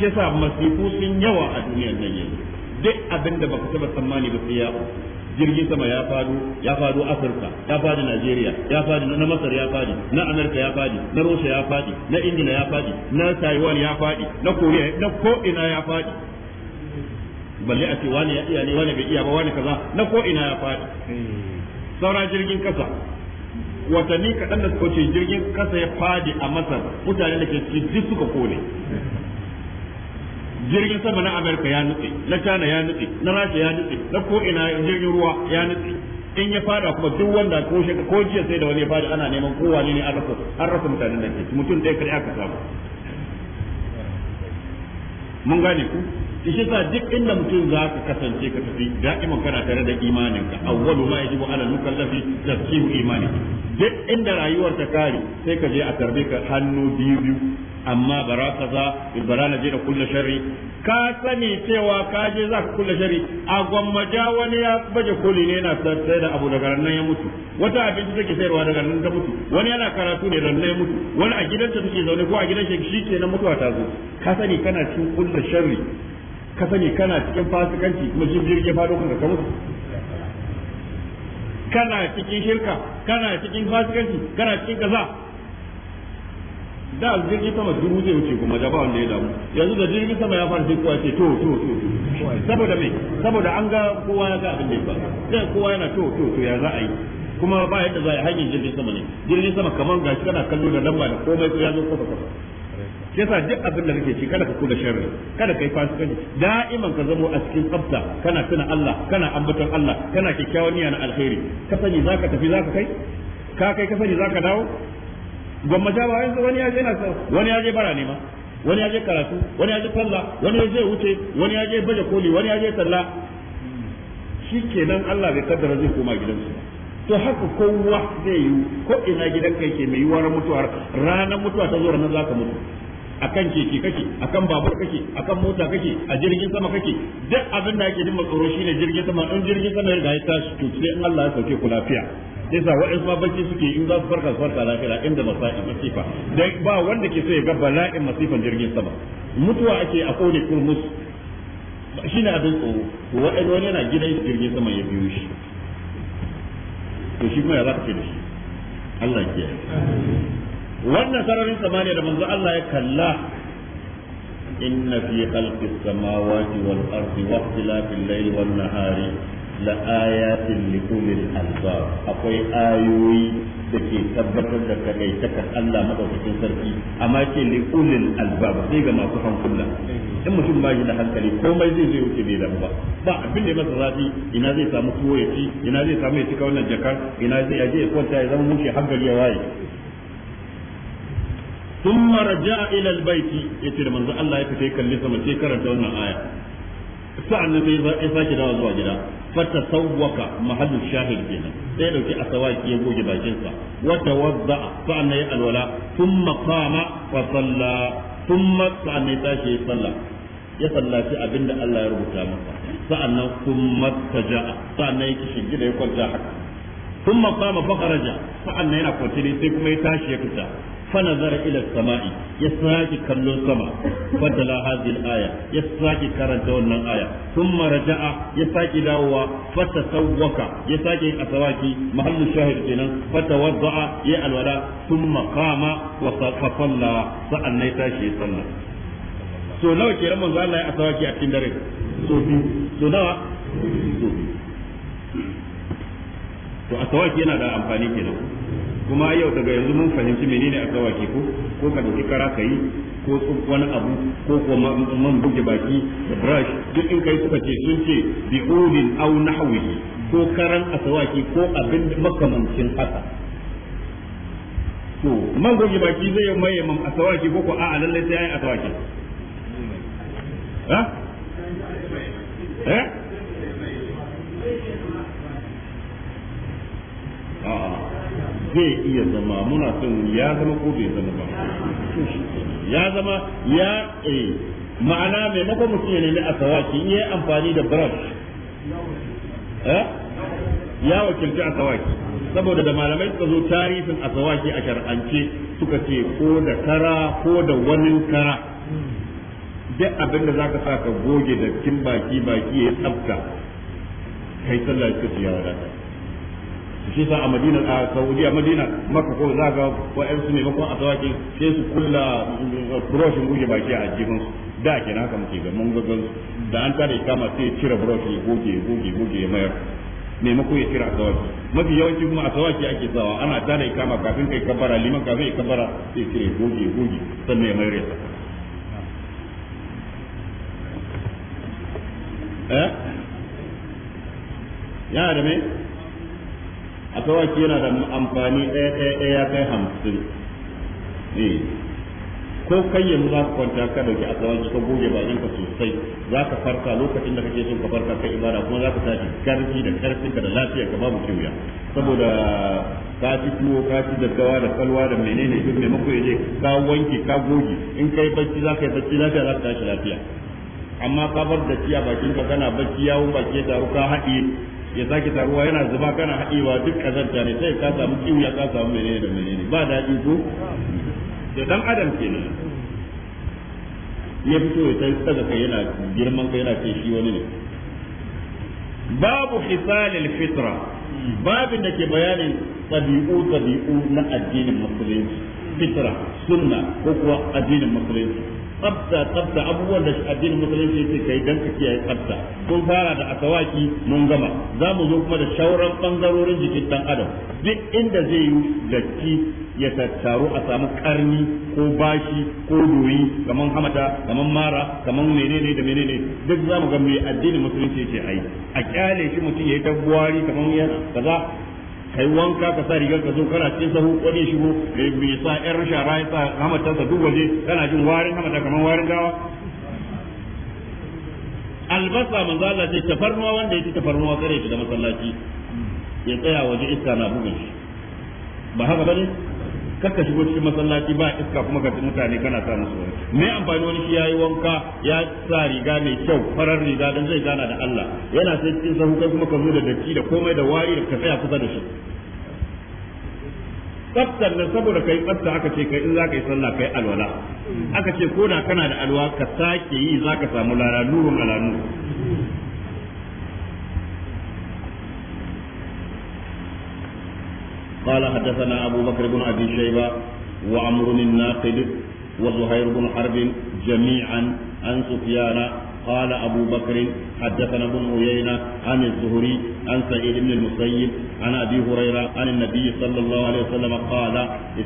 kesa masifu sun yawa a duniyar nan yanzu duk abin da baka taba tsammani ba sai ya jirgin sama ya fado ya fado Afirka ya fado Najeriya ya fado na Masar ya fadi na Amerika ya fadi na Russia ya fadi na indiya ya fadi na Taiwan ya fadi na Korea na ko ina ya fadi balle a ce wani ya iya ne wani bai iya ba wani kaza na ko ina ya fadi saura jirgin kasa watanni kaɗan da suka wuce jirgin kasa ya fadi a Masar mutane da ke cikin duk suka kone jirgin sama na Amerika ya nutse na China ya nutse na Rasha ya nutse na ko ina jirgin ruwa ya nutse in ya fada kuma duk wanda ko shi ko jiya sai da wani ya fada ana neman kowa ne a rafa an rasa mutanen nan mutum ɗaya kare aka samu mun gane ku shi sa duk inda mutum za ka kasance ka tafi da'iman kana tare da imaninka awwalu ma yajibu ala mukallafi tasqihu imani duk inda rayuwar ta kare sai ka je a tarbe ka hannu biyu biyu amma bara kaza bara na je da kulla sharri ka sani cewa ka je za ka kulla sharri a ja wani ya baje koli ne yana sai da abu daga nan ya mutu wata abinci take sayarwa daga nan ta mutu wani yana karatu ne nan ya mutu wani a gidanta take zaune ko a gidan shi nan mutuwa ta zo ka sani kana cikin kulla sharri ka sani kana cikin fasikanci kuma shi jirgin fado kan ka mutu kana cikin shirka kana cikin fasikanci kana cikin kaza da jirgin sama dubu zai wuce kuma da ba wanda ya damu yanzu da jirgin sama ya fara kowa ce to to to saboda me saboda an ga kowa ya ga abin da ba sai kowa yana to to to ya za a yi kuma ba yadda za a yi hanyar jirgin sama ne jirgin sama kamar gashi kana kallo da lamba da komai sai ya zo kafa kafa yasa duk abin da kake ci kada ka kula sharri kada kai fasikanci da'iman ka zamo a cikin tsafta kana tuna Allah kana ambaton Allah kana kyakkyawan niyya na alkhairi ka sani zaka tafi zaka kai ka kai ka sani zaka dawo gwamma ja ba wani ya je na wani ya je bara ne ma wani ya je karatu wani ya je sallah wani ya je wuce wani ya je baje koli wani ya je sallah shikenan Allah bai kaddara zai koma gidansu to haka kowa zai yi ko ina gidan kai ke mai yiwuwar mutuwar ranar mutuwa ta zo ranar za ka mutu akan keke kake akan babur kake akan mota kake a jirgin sama kake duk abin da ake jin tsoro shine jirgin sama in jirgin sama ya ya tashi to sai Allah ya sauke ku lafiya yasa wa'in ma bacci suke in za su farka su farka lafiya inda masa'in masifa dan ba wanda ke so ya ga bala'in masifan jirgin sama mutuwa ake a kone kurmus shine abin tsoro to wa'in wani yana gidan jirgin sama ya biyo shi to shi kuma ya za ka ce da shi Allah ya kiyaye wannan sararin samaniya da manzo Allah ya kalla inna fi khalqis samawati wal ardi wa ikhtilafil layli wan nahari la ayatin li ulil albab akwai ayoyi da ke tabbatar da kai ta Allah madaukakin sarki amma ke li ulil albab sai ga masu hankula in mutum ba shi da hankali komai zai zai wuce bai damu ba ba abin da ya masa zafi ina zai samu tuwo ya ci ina zai samu ya cika wannan jakar ina zai aje ya kwanta ya zama mushi hankali ya waye ثم رجع إلى البيت يتر ya الله يفتي كل سما تكرر دون آية sa'an nan sai ya sake dawo zuwa gida fata sawwaka mahallu shahid kenan sai dauki asawaki ya goge bakinsa wa tawadda sa'an nan ya alwala thumma qama fa salla thumma sa'an nan tashi ya salla ya sallaci abinda Allah ya rubuta masa sa'an nan thumma taja'a sa'an nan ya kishi gida ya kwanta haka thumma qama fa kharaja sa'an nan yana kwance sai kuma ya tashi ya fita فنظر إلى السماء يسراك كل السماء فتلا هذه الآية يسراك كرجون الآية ثم رجع يسراك داوة فتسوك يسراك أسواك محل الشاهد جنا فتوضع يألولا ثم قام فصلى فأني تاشي صلى so nawa ke ran manzo Allah ya asawaki a cikin dare so biyu so nawa so biyu to asawaki yana da amfani kenan kuma yau daga yanzu mun fahimci menene a tsawaki ko ko ka dauki kara kai ko wani abu ko ko man buge baki da brush duk in kai suka ce sun ce bi ulin aw nahwihi ko karan asawaki ko abin makamancin haka to man buge baki zai maye a asawaki ko ko a'a lalle sai ai asawaki ha eh zai iya zama muna son ya zama ko bai zama ba ya zama ya eh ma'ana maimakon mutum ya nemi asawaki in yi amfani da brush eh, ya wakilci asawaki saboda da malamai suka zo tarihin asawaki a shar'ance suka ce ko da kara ko da wani kara duk abin da ka sa ka goge da kin baki baki ya tsafta kai sallah ka ciyawa da shi sa a madina a saudiya madina maka ko za ga ne maimakon a tawakin sai su kulla uh, buroshin goge baki a jibin da ke na haka muke ga mun gagan da an tare kama sai cire buroshin ya goge ya goge goge ya mayar mako ya kira asawaki mafi yawanci kuma a tawaki ake sawa ana tare ya kama kafin kai kabara liman kafin ya kabara sai kire goge goge sannan ya mai resa eh ya da mai a tawaki yana da amfani ɗaya ɗaya ɗaya ya kai hamsin eh. ko kai yanzu za ka kwanta ka dauki tsawon ka goge bakin ka sosai za ka farka lokacin da kake son ka farka kai ibada kuma za ka tashi karfi da karfin ka da lafiyar ka babu wuya saboda ka ci tuwo ka ci daddawa da kalwa da menene duk mai mako yaje ka wanke ka goge in kai bacci za ka yi bacci lafiya za ka tashi lafiya amma ka bar da ciya bakin ka kana bacci yawon bakin ya taru ka haɗiye ya sake taruwa yana zuba kana haɗewa duk kazanta ne sai ka samu ciwo ya ka samu menene da menene ba daɗi ko da dan adam ke ne ya fito ya san tsaga kai yana girman kai yana kai shi wani ne babu hisalil fitra babin da ke bayanin tabi'u tabi'u na addinin musulunci fitra sunna ko kuwa addinin musulunci tsafta tsafta abubuwan da addinin musulunci yake kai dan ka kiyaye tsafta kun fara da akawaki mun gama za mu zo kuma da shauran bangarorin jikin dan adam duk inda zai yi datti ya tattaru a samu karni ko bashi ko doyi kaman hamata kaman mara kaman menene da menene duk za mu ga mai addinin musulunci yake ai a kyale shi mutum yayi ta buwari kaman yana kaza kai wanka ka sa rigar ka zo kana cikin sahu wani shigo Me sa yar shara ya sa hamatarsa duk waje kana jin warin hamata kamar warin gawa albasa mun zalla ce tafarnuwa wanda yake tafarnuwa kare shi da masallaci ya tsaya waje iska na bugun shi ba haka bane kakka shigo cikin masallaci ba iska kuma ga mutane kana sa musu wani me amfani wani shi yayi wanka ya sa riga mai kyau farar riga dan zai gana da Allah yana sai cikin sahu kai kuma ka zo da datti da komai da wari da ka tsaya kusa da shi tsaftar nan saboda kai tsafta aka ce kai in za ka yi sallah kai alwala aka ce ko da kana da alwa ka sake yi za ka samu lara nurun ala nur قال حدثنا أبو بكر بن أبي شيبة وعمر الناقد وزهير بن حرب جميعا عن سفيان قال أبو بكر حدثنا ابن عيينة عن الزهري عن سعيد بن المسيب عن أبي هريرة عن النبي صلى الله عليه وسلم قال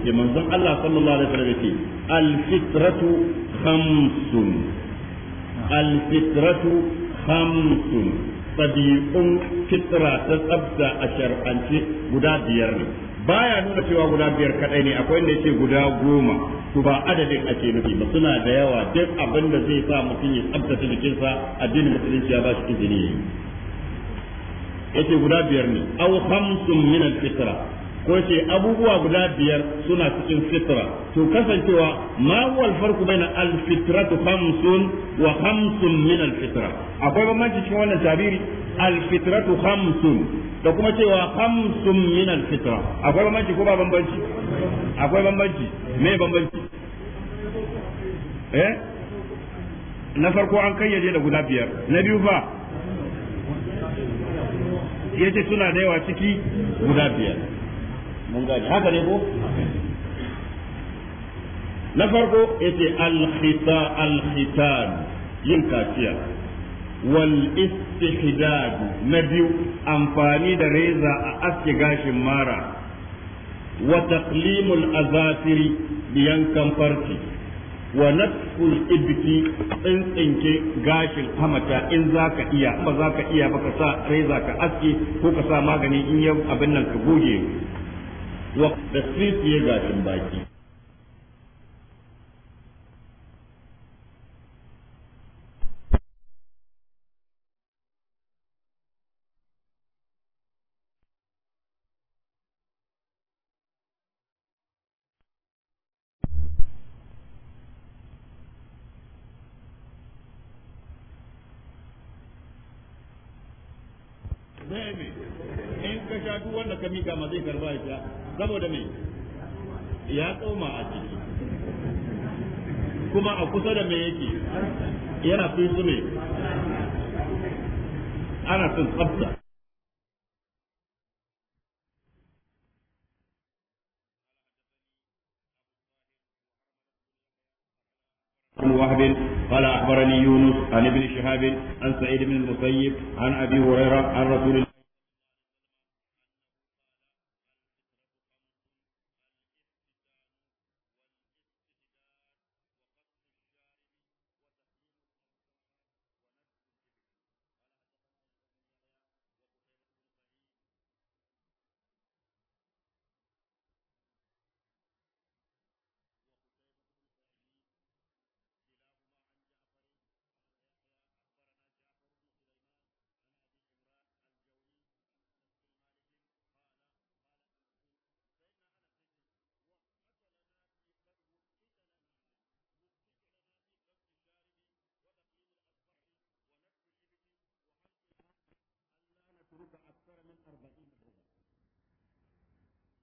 في منزل الله صلى الله عليه وسلم الفترة خمس الفترة خمس صديق فترة تسبت أشر أنت مدادير baya nuna cewa guda biyar kadai ne akwai wanda yake guda goma to ba adadin ake nufi ba suna da yawa duk abin da zai sa mutum ya tsabtace jikinsa addinin musulunci ya ba shi izini yake guda biyar ne aw khamsun min al-fitra ko ce abubuwa guda biyar suna cikin fitra to kasancewa ma huwa alfarqu baina alfitratu khamsun wa khamsun min alfitra akwai bambanci cikin wannan tabiri alfitratu khamsun da kuma cewa khamsun min alfitra akwai bambanci ko ba bambanci akwai bambanci me bambanci eh na farko an kayyade da guda biyar na biyu fa yace suna da yawa ciki guda biyar mun gane haka ne ko na farko yace al-khita al-khitan yin kaciya wal istihdad na biyu amfani da reza a aske gashin mara wa taqlimul azafiri biyan kamfarti wa natful ibki tsintsinke gashin hamata in zaka iya ba zaka iya ba ka sa reza ka aske ko ka sa magani in yau abin nan ka goge wa tasfifiye gashin baki da me yake yana su ne ana son tsafta وهب قال اخبرني يونس عن ابن شهاب عن سعيد بن المسيب عن ابي هريره عن رسول الله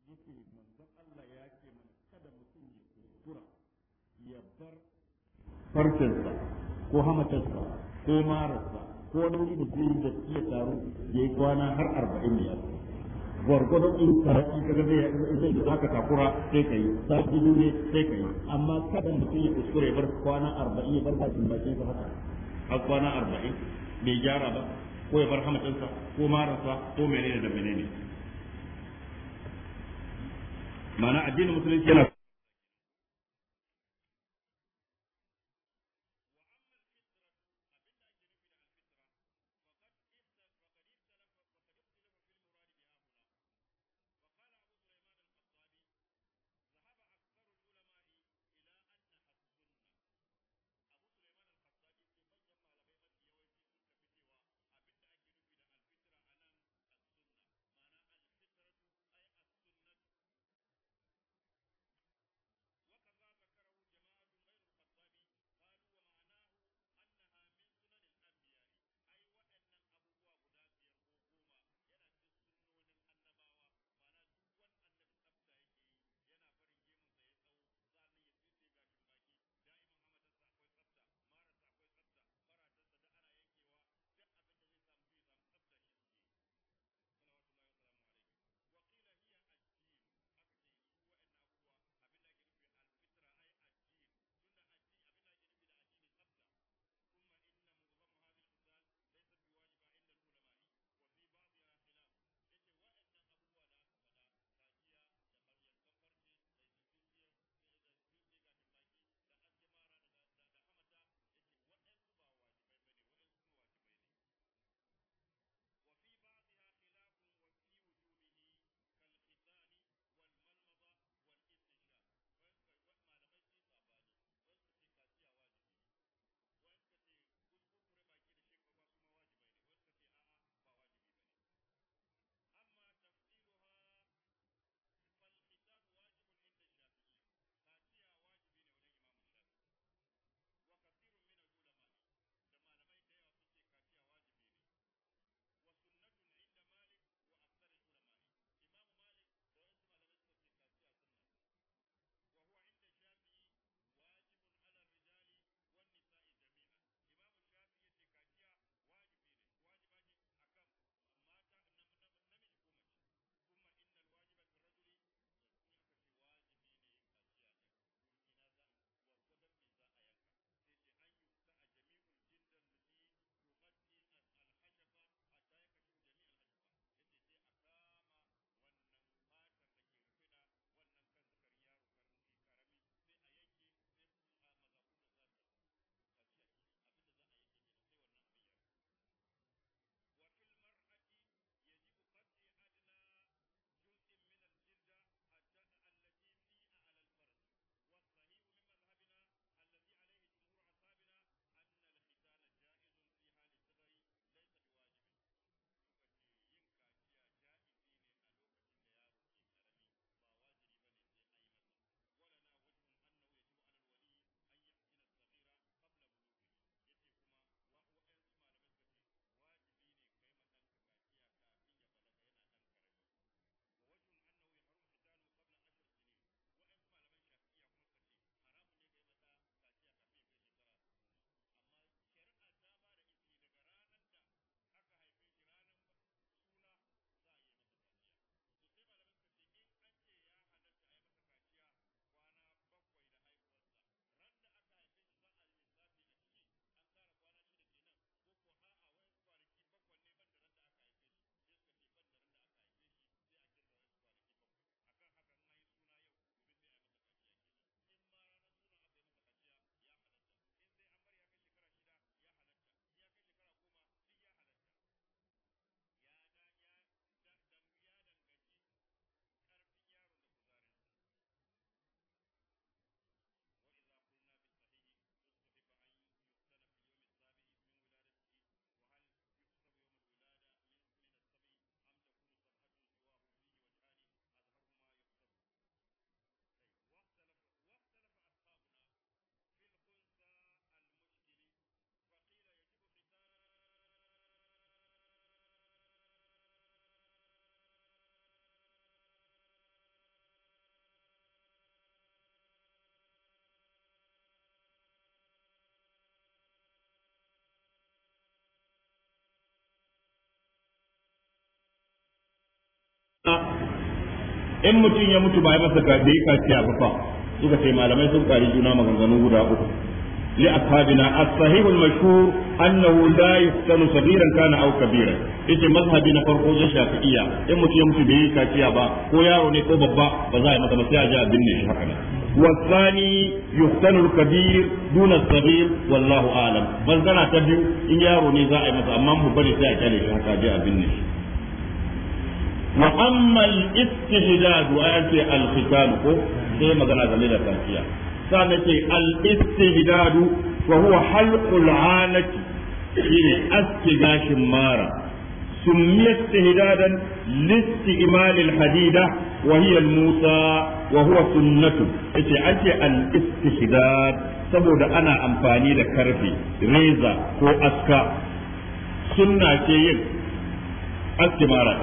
yake manzon Allah ya ce mana kada mutum ya kuskura ya bar farkinsa ko hamatarsa ko mararsa ko wani wuri da zai da iya taru ya yi kwana har arba'in da ya gwargwadon in sarari kaga zai zai da zaka takura sai ka yi sabi ne sai ka yi amma kada mutum ya kuskura ya bar kwana arba'in ya bar bakin bakin sa haka har kwana arba'in bai gyara ba ko ya bar hamatarsa ko mararsa ko menene da menene ma'ana addinin musulunci yana in mutum ya mutu ba ya masa gabe ya kaciya ba fa suka ce malamai sun kari juna maganganu guda uku لأصحابنا الصحيح المشهور أنه لا يفتن صغيرا كان أو كبيرا yace mazhabi na farko ya shafi'iyya in mutum ya mutu bai yi kaciya ba ko yaro ne ko babba ba za a yi masa sai a ji abin ne haka ne wasani yuhtanu al-kabir duna as-saghir wallahu a'lam ban zana ta biyu in yaro ne za a yi masa amma mu bari sai a kyale shi haka ji abin ne Muhammal amma al-istihdad wa yake al-khitan ko sai magana game da kafiya sai nake al-istihdad wa huwa halqul anati shine aski gashin mara سمي استهدادا لاستئمال الحديدة وهي الموسى وهو سنة da الاستهداد سبود أنا أمفاني لكرفي ريزا هو أسكا سنة شيء أستمارة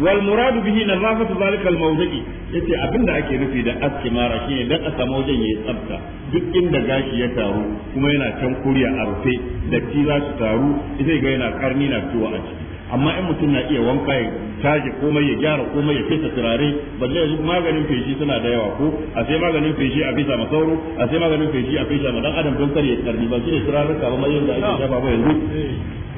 wal muradu bihi nazafatu zalika al mawdu'i yace abinda ake nufi da askimara shine dan a samu wajen yayi tsabta duk inda gashi ya taru kuma yana can kuriya a rufe datti za su taru zai ga yana karni na fitowa a ciki amma in mutum na iya wanka ya taje komai ya gyara komai ya fita turare balle yanzu maganin feshi suna da yawa ko a sai maganin feshi a fesa masauro a sai maganin feshi a fesa ma dan adam don kar ya karbi ba shine turare ka ba mai yanda ake shafa ba yanzu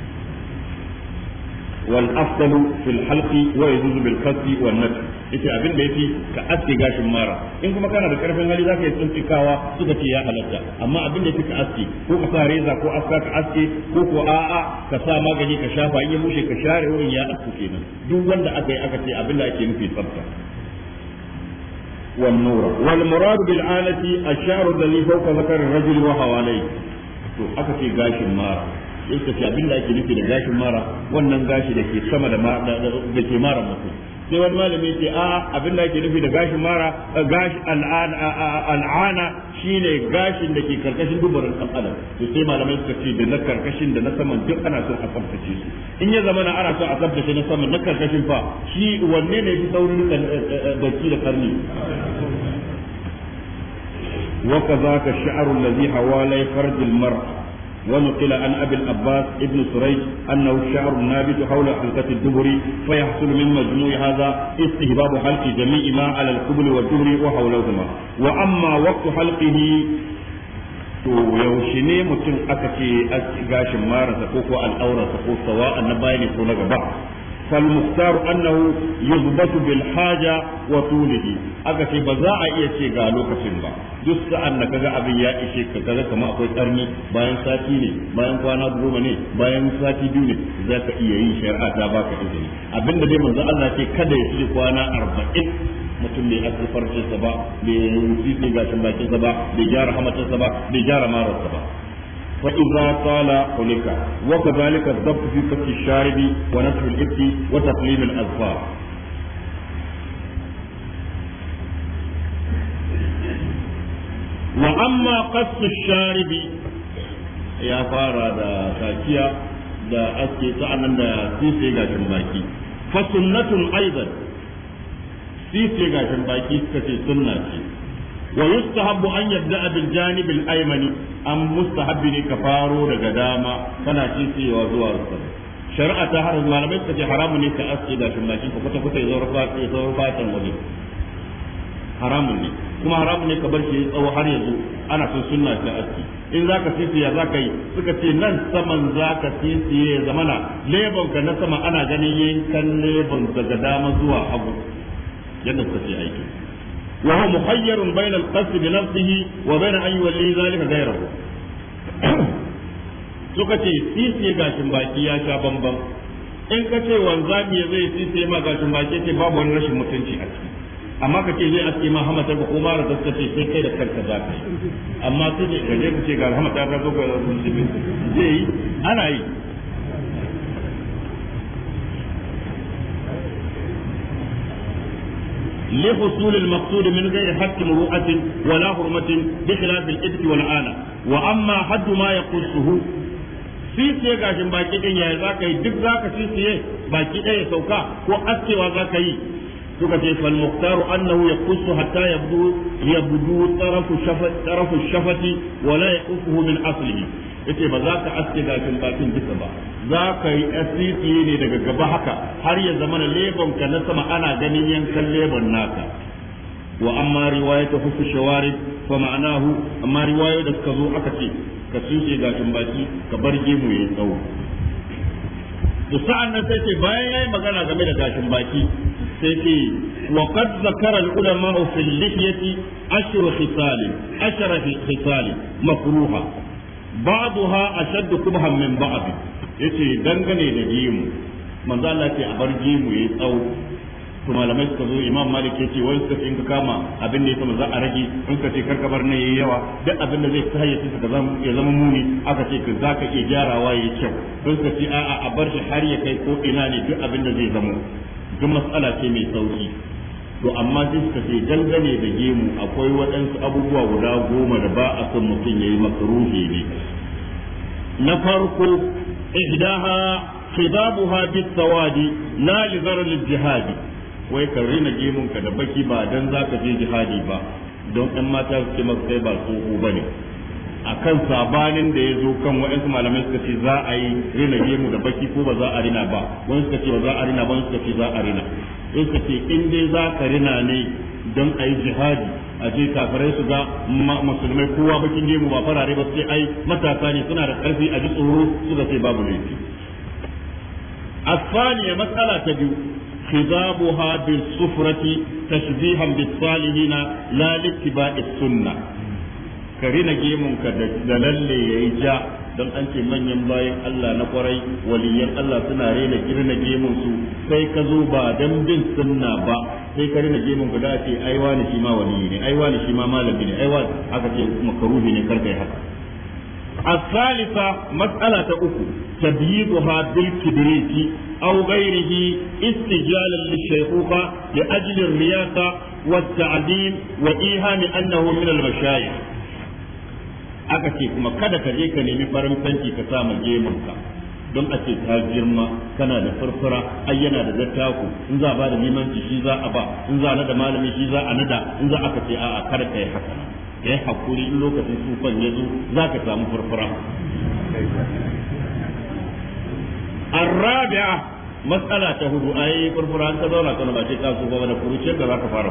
والأفضل في الحلق ويجوز بالخص والنفس yace abin da yafi ka aske gashin mara in kuma kana da karfin hali zaka yi tsuntikawa suka ce ya halatta amma abin da yafi ka aske ko ka sa reza ko aska ka aske ko ko a'a ka sa magani ka shafa in ya bushe ka share wurin ya asku kenan duk wanda aka yi aka ce abin da ake nufi tsafta والنور والمراد بالآلة الشعر الذي فوق ذكر الرجل وحواليه to aka ce gashin mara yake ce abin da ake nufi da gashin mara wannan gashi da ke sama da da ke mara mutum sai wani malami ce a abin da ake nufi da gashin mara gashi al'ana shine gashin da ke karkashin dubarin dan adam to sai malamai suka ce da na karkashin da na saman duk ana son a tsabtace su in ya zama na ana son a tsabtace na saman na karkashin fa shi wanne ne fi saurin daki eh, eh, da karni Wa وكذاك الشعر الذي حوالي فرج المرأة ونقل عن ابي العباس ابن سريج انه شعر نابت حول حلقه الدبر فيحصل من مجموع هذا استهباب حلق جميع ما على القبل والدبر وحولهما واما وقت حلقه to yaushe ne mutum aka ce gashin marasa ko ko al'aurarsa ko sawa na bayani ko na gaba فالمختار أنه يضبط بالحاجة وطوله أكثر بزاء يشي قالوا كفنبا جس أن كذا أبي يا إشي كذا كما أقول أرني باين ساتيني باين قوانا برومني باين ساتي دوني ذاك إيه شرعة تاباك إذن أبن دي من الله كي كده يشي قوانا أربعين mutum bai aski farcinsa ba bai rufi ga bakinsa ba bai gyara hamacinsa ba bai gyara mararsa ba فإذا قال حلك وكذلك الضبط في فك الشارب ونفس الإبت وتقليل الأظفار وأما قص الشارب يا فارا دا كاكيا دا أسكي سعنا دا سيسي غاشن باكي فسنة أيضا سيسي غاشن باكي سنة wa yustahabbu an yabda'a bil janib al aymani an mustahabbi ne ka faro daga dama kana cewa zuwa rufa shari'a ta haram malamai suka ce ne ka aske da shumbaki ka kwata kwata ya zo ya zo rufa waje haramun ne kuma haramun ne ka bar shi tsawo har yanzu ana son sunna ta aski in zaka sisiya zaka yi suka ce nan saman ka sisiye zamana lebon ka na sama ana ganin yankan lebon daga dama zuwa hagu suka aiki وهو مخير بين القصد بنفسه وبين أن يولي ذلك غيره *coughs* suka ce sisi gashin baki ya sha bambam in ka ce wanzami ya zai sisi ma gashin baki ce babu wani rashin mutunci a ciki amma ka ce zai aske ma hamata ko kuma da ta ce sai kai da kanka za ka amma sai ne ka je ka ce ga hamata ta zo ga zai yi ana yi لحصول المقصود من غير حد مروءة ولا حرمة بخلاف الإبت والآلة وأما حد ما يقصه sisiye gashin baki ɗin yaya za ka duk za ka sisiye baki ɗaya ya sauka ko askewa za ka yi suka ce fal muqtaru annahu yaqussu hatta ya yabdu tarafu shafati tarafu shafati min yace ba za ka aske gashin bakin duka ba za ka yi asisi ne daga gaba haka har ya zama na lebon ka na sama ana ganin yankan lebon naka wa amma riwaya ta husu shawari fa ma'anahu amma riwaya da suka zo aka ce ka tsinke gashin baki ka bar gemu ya tsawo to sa'an nan sai ce bayan yayi magana game da gashin baki sai ce wa qad zakara al ulama fi al lihyati ashru khisal ashru khisal makruha ba'daha ashaddu kubhan min ba'd yace dangane da gimu manzo Allah ce a bar gimu yayi tsawo to malamai suka zo imam malik yace wai suka ce in ka kama abin da ya manzo a rage in ka ce kar ka bar ne yayi yawa duk abin da zai hayyace ka ya zama muni aka ce ka zaka iya gyarawa yayi kyau don ka ce a'a a bar shi har ya kai ko ina ne duk abin da zai zama duk mas'ala ce mai sauki to amma sai suka ce galgale da gemu akwai waɗansu abubuwa guda goma da ba a son mutum ya yi makaruhi ne na farko ihdaha khidabuha bisawadi na li zarar jihadi wai ka rina gemun ka da baki ba dan zaka je jihadi ba don ɗan mata su ce masu kai ba tsoho bane akan sabanin da ya zo kan waɗansu malamai suka ce za a yi rina gemu da baki ko ba za a rina ba wani suka ce ba za a rina ba wani suka ce za a rina in ce in dai za ka rina ne don a yi jihadi a je kafirai su ga musulmai kowa bakin gemu ba farare ba sai ai matasa ne suna da karfi a ji tsoro su ga sai babu laifi. asfani ya matsala ta biyu khidabuha bil sufrati tashbihan bis na la liktiba'is sunna ka rina gemun ka da lalle yayi ja don an ce manyan bayan Allah na kwarai waliyan Allah suna rena girna gemun su sai ka zo ba dan bin sunna ba sai ka rena gemun ka da ce ai wani shi ma waliyi ne ai wani shi ma malami ne ai wani aka ce makaruhi ne karka yi haka الثالثة مسألة أخرى تبييضها بالكبريت أو غيره استجالا للشيخوخة لأجل الرياقة والتعليم وإيهام أنه من المشايخ aka ce kuma kada ka je ka nemi farin fenti ka sa ma gemunka don a ce ta girma kana da farfara ai yana da zattaku in za a ba da limanci shi za a ba in za a nada malami shi za a nada in za aka ce a'a kada ka yi haka kai hakuri in lokacin sufan ya zo za ka samu farfara kana ba ce ka فرفران ba da furuce ka za ka fara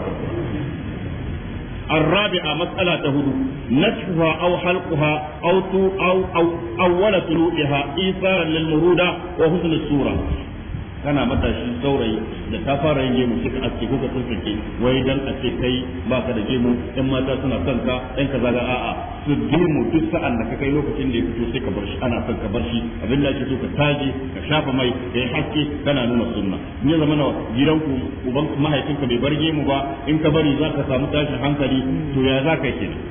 الرابعة مسألة تهدو نشفها أو حلقها أو تو أو أو أول طلوعها إيثارا للمرودة وحسن الصورة kana matashi saurayi da ta fara yin gemu suka aske ko ka tsuntsuke wai dan a ce kai ka da gemu ɗan mata suna son ka ɗan kaza zaga a'a su gemu duk sa'an da ka kai lokacin da ya fito sai ka bar shi ana son ka bar shi abin da ake so ka taje ka shafa mai da ya haske kana nuna sunna in ya zama nawa gidan ku uban mahaifinka bai bar gemu ba in ka bari za ka samu tashin hankali to ya za ka yi kenan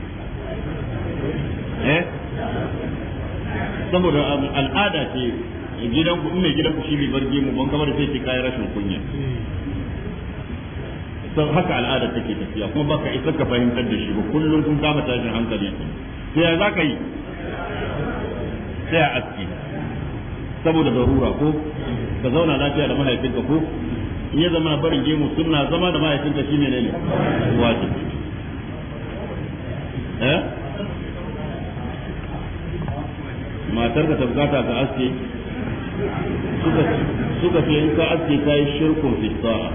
eh? saboda um, al'ada ce gidan ku mai gidan ku shi ne bar gemu ban kamar sai ki kai rashin kunya sau haka al'ada take tafiya kuma baka isa ka fahimtar da shi ba kullum kun kama tashin hankali sai ya zaka yi sai a aski saboda darura ko ka zauna lafiya da mahaifinka ko in ya zama barin gemu sunna zama da mahaifinka shine ne ne wajibi eh matar ka tabbata ka aske suka fi in ka aske ka yi shirkun fi sa'a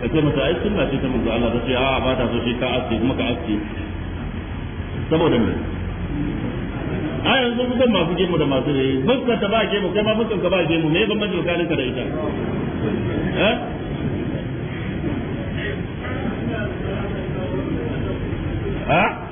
ka ce mata ai sunna ce ta manzo Allah ta ce a ba ta so shi ka aske kuma ka aske saboda me a yanzu kusan masu gemu da masu rayu fuskar ta ba gemu kai ma fuskar ka ba gemu me ban mace tsakanin ka da ita eh ha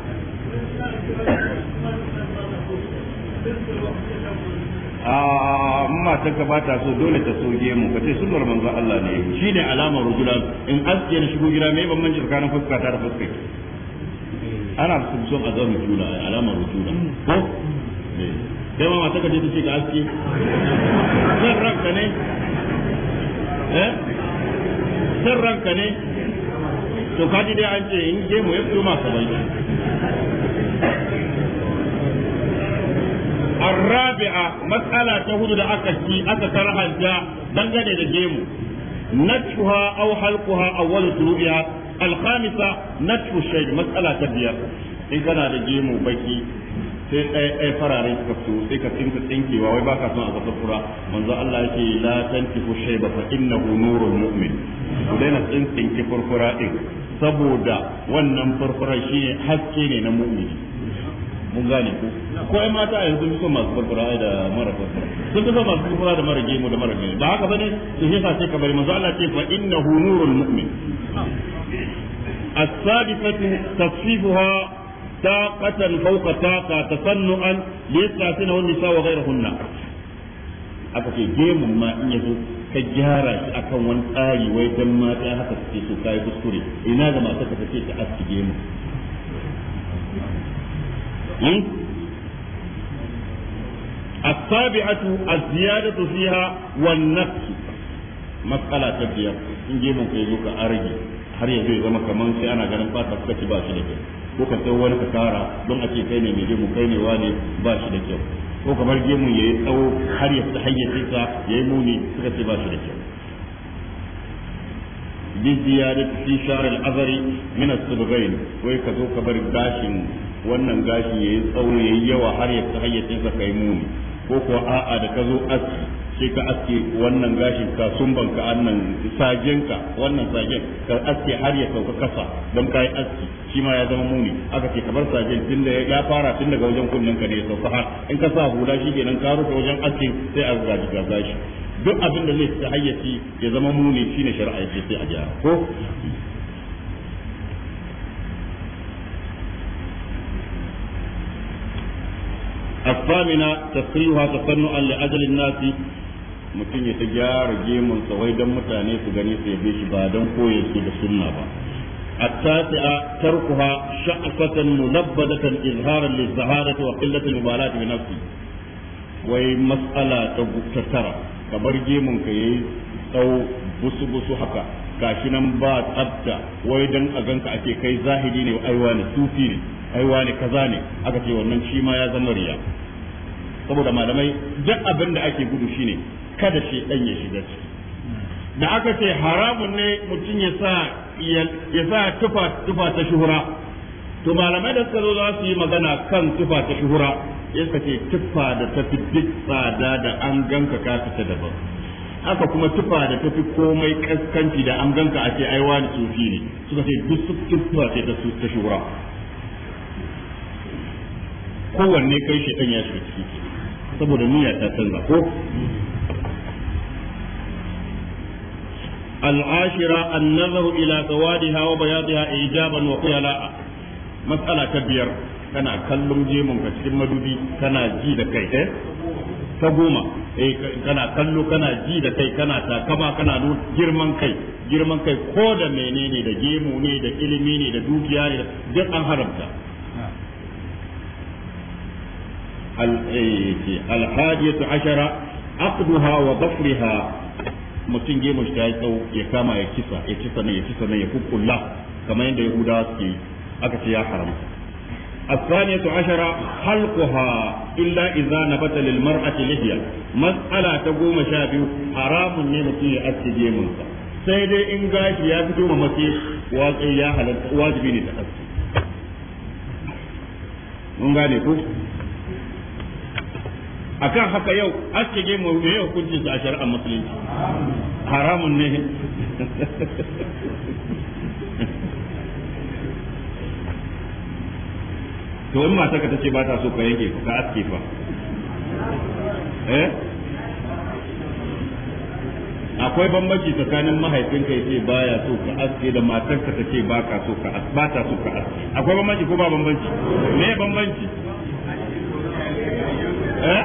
amma ta gabata so dole ta soge mu ka ce sunnar manzo Allah ne ne alamar rujula in aske da shigo gida me bambanci tsakanin fuska ta da fuska ana son a zama rujula alamar rujula ko eh. kai ma kaje ta ce ka aske san ranka ne eh san ranka ne to kaji dai an ce in gemu ya fito ma ka bai الرابعة مسألة تهود أكشي أكثر هجا دنجد الجيم نتشها أو حلقها أول طلوعها الخامسة نتش الشيء مسألة تبير إن كان الجيم بكي sai ɗaya ɗaya farare suka fito sai ka tsinka tsinkewa wai baka son a zaɓa fura manzo Allah yake la tankihu ba fa innahu nurul mu'min ku daina tsintsinki furfura din saboda wannan furfura shine haske ne na mu'mini mun gane ko ko mata a yanzu son masu farfara da mara farfara sun fi masu farfara da mara gemu da mara gemu ba haka bane sun yi sace kamar manzo Allah ce fa innahu nurul mu'min as-sadifatu tasfifuha طاقة فوق طاقة تصنعا ليستعصنه النساء وغيرهن aka ce gemun ma in yazo ka gyara shi akan wani tsari wai dan mata haka suke so kai kuskure ina ga masu ka take ta aski gemu A السابعة الزيادة فيها والنقص مسألة تبيع in je mun kai ka a arage har yanzu ya zama kaman sai ana ganin fata kake ba shi da kyau ko ka tsawo wani ka tara don a ce kai ne mai gemu kai ne wane ba shi da kyau ko kamar gemun ya yi tsawo har ya sa ya yi muni suka ce ba shi da kyau bi ziyadati fi sha'r azari min as-subghain wai ka zo ka bar gashin wannan gashi yayi tsawo yayi yawa har ya ta hayyacin sa kai muni ko ko a'a da ka zo aski sai ka aske wannan gashin ka sumban ka annan sajen ka wannan sajen ka aske har ya sauka kasa don kai aski shi ma ya zama muni aka ce kamar sajen tun da ya fara tun daga wajen kunnen ka ne ya sauka har in ka sa hula shi kenan ka rufe wajen aski sai a gaji ga gashi duk abin da zai ta hayyaci ya zama muni shine shari'a ce sai a gyara ko الثامنة تسريها تصنعا لأجل الناس mutum ya ta gyara gemun wai don mutane su gani su yabe shi ba don koye su da sunna ba التاسعة تركها شعفة ملبدة إظهارا للزهارة وقلة المبالاة بنفسه wai matsala ta tara ka bar gemun ka yayi tsau busu busu haka gashi nan ba tsabta wai dan a ganka ake kai zahiri ne ai wani sufi ne ai wani kaza ne aka ce wannan shi ma ya zama riya saboda malamai duk abin da ake gudu shine kada shi dan ya shiga ciki da aka ce haramun ne mutum ya sa ya sa tufa tufa ta shuhura to malamai da suka zo za su yi magana kan tufa ta shuhura ya ce tufa da ta fi duk tsada da an ganka ka fita daban haka kuma tufa da ta fi komai kaskanci da an ganka a ce ai wani sufi ne suka ce duk su tufa ce ta shuhura kowanne kai shi ɗan ya shi ciki saboda niyya ta canza ko al'ashira an nazaru ila zawadiha wa bayadiha ijaban wa qila mas'ala ta biyar kana kallon jemin ka cikin madubi kana ji da kai eh? ta goma eh kana kallo kana ji da kai kana ta kana nun girman kai girman kai ko da menene da gemu ne da ilimi ne da dukiya ne da an haramta Eh, alhadiyatu ashara aqduha wa dhafriha mutum gemu shi ta yi tsawo ya kama ya kisa ya kisa ne ya kisa ne ya kukkulla kamar yadda yahudawa suke aka ce ya haramta الثانية عشرة حلقها إلا إذا نبت للمرأة لحية مسألة تقوم شابه حرام نمتي أسجي منسى سيدة إن قاش يا wajibi ne ta aske. mun gane ku akan haka yau aske gemu me yau hukuncin sa a shari'ar musulunci haramun ne to in mata ka tace ba ta so ka yanke ka aske fa eh akwai bambanci tsakanin mahaifinka yace baya so ka aske da matarka tace ba ka so ka aske ba ta so ka aske akwai bambanci ko ba bambanci me bambanci eh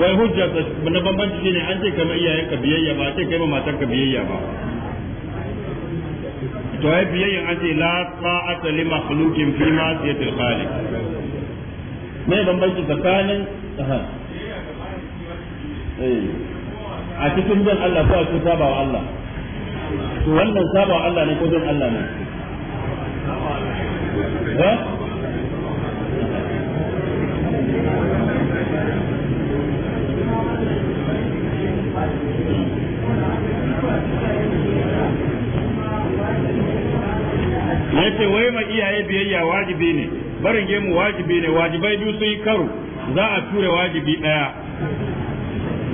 wai hujja na bambanci shine an ce kamar iyayen ka biyayya ba ce kai ma matar ka biyayya ba to ai biyayyan an ce la ta'ata li makhluqin fi ma'siyati al-khaliq me bambanci tsakanin eh. a cikin zan Allah ko a cikin sabawa Allah to wannan sabawa Allah ne ko zan Allah ne eh? yace wai ma iyaye biyayya wajibi ne barin gemu wajibi ne wajibai biyu sun yi karo za a ture wajibi daya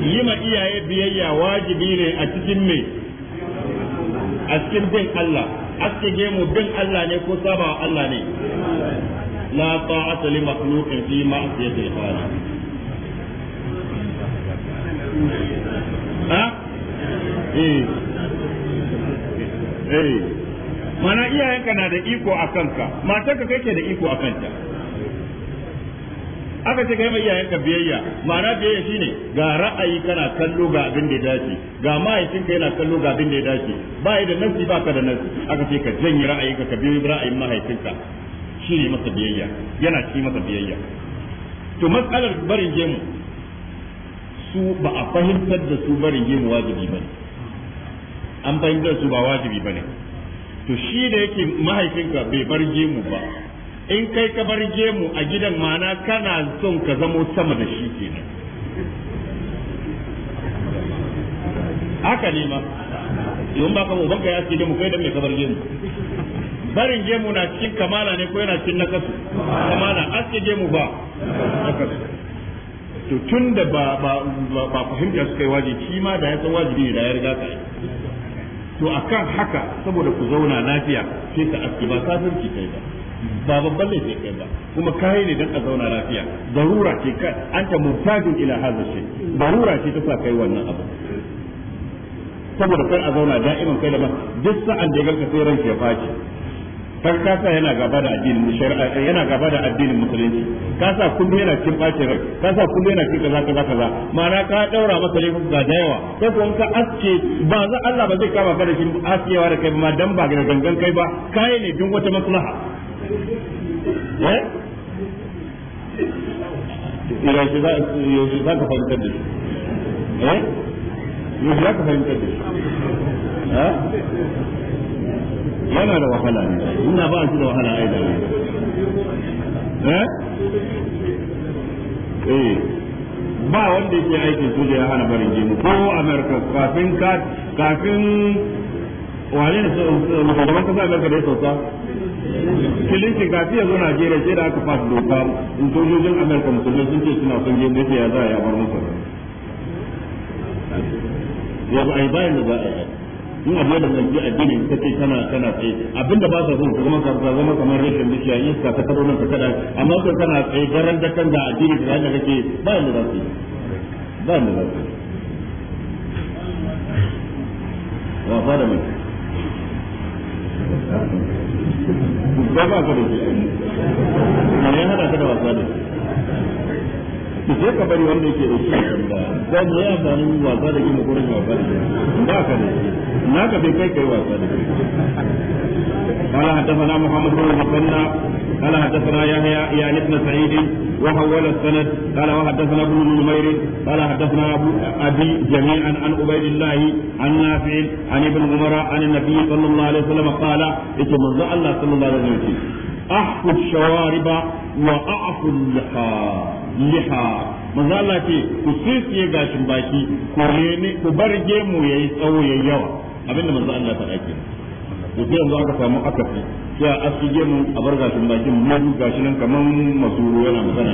yi ma iyaye biyayya wajibi ne a cikin me a cikin bin Allah aske gemu bin Allah ne ko saba Allah ne لا طاعة لمخلوق في معصية الخالق ها؟ إيه إيه mana iyayenka na da iko a kanka ما kai ke da iko a kanta aka ce yi mai iyayenka biyayya ma'ana biyayya shine ga ra'ayi kana kallo ga abin da ya dace ga mahaifinka yana kallo ga abin da ya dace ba da nasi ba ka da nasi aka ce ka janye ra'ayi ka biyo ra'ayin mahaifinka shine masa biyayya yana ci masa biyayya to matsalar barin gemu su ba a fahimtar da su barin gemu wajibi bane an fahimtar su ba wajibi bane to shi da yake mahaifinka bai bar gemu ba in kai ka bar gemu a gidan mana kana son ka zamo sama da shi kenan haka ne ma yau ba ka ubanka ya ce da mu kai da mai ka bar gemu barin gemu na cikin kamala ne ko yana cikin nakasu kamala aske gemu ba nakasu to tun da ba ba ba fahimta suka yi wajibi shi ma da ya san wajibi ne da ya riga ka to akan haka saboda ku zauna lafiya sai ka aske ba kafirci kai ba ba babban sai kai ba kuma kai ne dan a zauna lafiya darura ce ka anta muftajin ila hadha shi darura ce ta sa kai wannan abu saboda kai a zauna da'iman kai da ba duk sa'an da ya ganka sai ranka ya faci har kasa yana gaba da addinin shari'a yana gaba da addinin musulunci kasa kullum yana cikin bacin rai kasa kullum yana cikin kaza kaza kaza ma'ana ka daura masa ne ga da yawa sai ko ka aske ba za Allah ba zai kama ka da shi askewa da kai ma dan ba ga dangan kai ba kai ne duk wata maslaha eh yaushe za yaushe za ka fahimtar da shi eh yaushe za ka fahimtar da shi eh yana da wahala ne ina ba shi da wahala a da eh eh ba wanda yake aikin soja ya hana barin jini ko america kafin ka kafin wane ne shugaban kasa america da ya sauka kilinci kafi yanzu najeriya sai da aka fasa doka in sojojin america musulmi sun ce suna son sai ya za a yi a bar musu yanzu ai bayan da za a yi in abu da zanci addinin ka ce kana kana tsaye abinda ba sa zo ka zama ka zama kamar rashin bishiya in ka taro nan ka kada amma ko kana tsaye garan da kan da addini da yadda kake ba yanda za su ba yanda za su wa fa da mai ba ba ka da shi ne ya hada ka da wasa da shi da sai ka bari wanda yake da shi dan ne ya samu wasa da gina gurin wasa da shi ba ka da shi naka bai kai kai wasa da shi قال حدثنا محمد بن المثنى قال حدثنا يحيى يعني ابن سعيد وحول السند قال وحدثنا ابن نمير قال حدثنا ابو ابي جميعا عن عبيد الله عن نافع عن ابن عمر عن النبي صلى الله عليه وسلم قال اتمنى الله صلى الله عليه وسلم احفظ الشوارب واعفو اللقاء liha manzo Allah ce ku sisiye gashin baki ku rene ku bar gemu yayi tsawo yayi yawa abinda manzo Allah ta dace to sai yanzu aka samu akafi sai a aski gemu a bar gashin baki mun gashin nan kaman masuru yana magana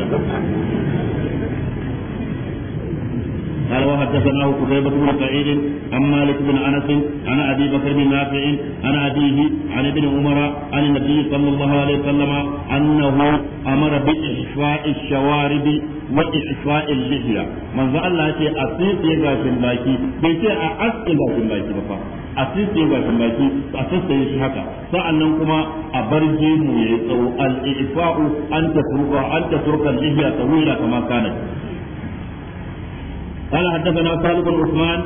قال وحدثناه قتيبة بن سعيد عن مالك بن انس عن ابي بكر بن نافع عن ابيه عن ابن عمر عن النبي صلى الله عليه وسلم انه امر باحفاء الشوارب واحفاء اللحيه من ذا الله يتي اصيب يغاشن باكي بيتي اصيب يغاشن باكي بفا a sisi ba kan baki a sassaye shi haka sa'annan kuma a bar gemu yayi tsawo al-ifa'u an tafruqa an tafruqa lihiya tawila kama kana قال حدثنا صالح بن عثمان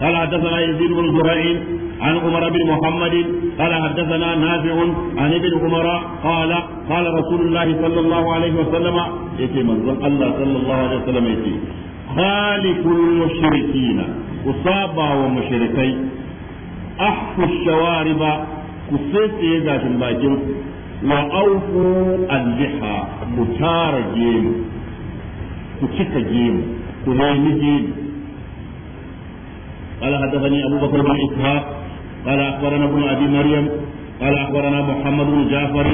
قال حدثنا يزيد بن زريع عن عمر بن محمد قال حدثنا نافع عن ابن عمر قال قال رسول الله صلى الله عليه وسلم يتي من الله صلى الله عليه وسلم يتي خالق المشركين أصابا ومشركي أحفوا الشوارب كسيسي ذات باكم وأوفوا اللحى كتار جيم كتك جيم إلى الدين قال حدثني أبو بكر بن إسحاق قال أخبرنا ابن أبي مريم قال أخبرنا محمد بن جعفر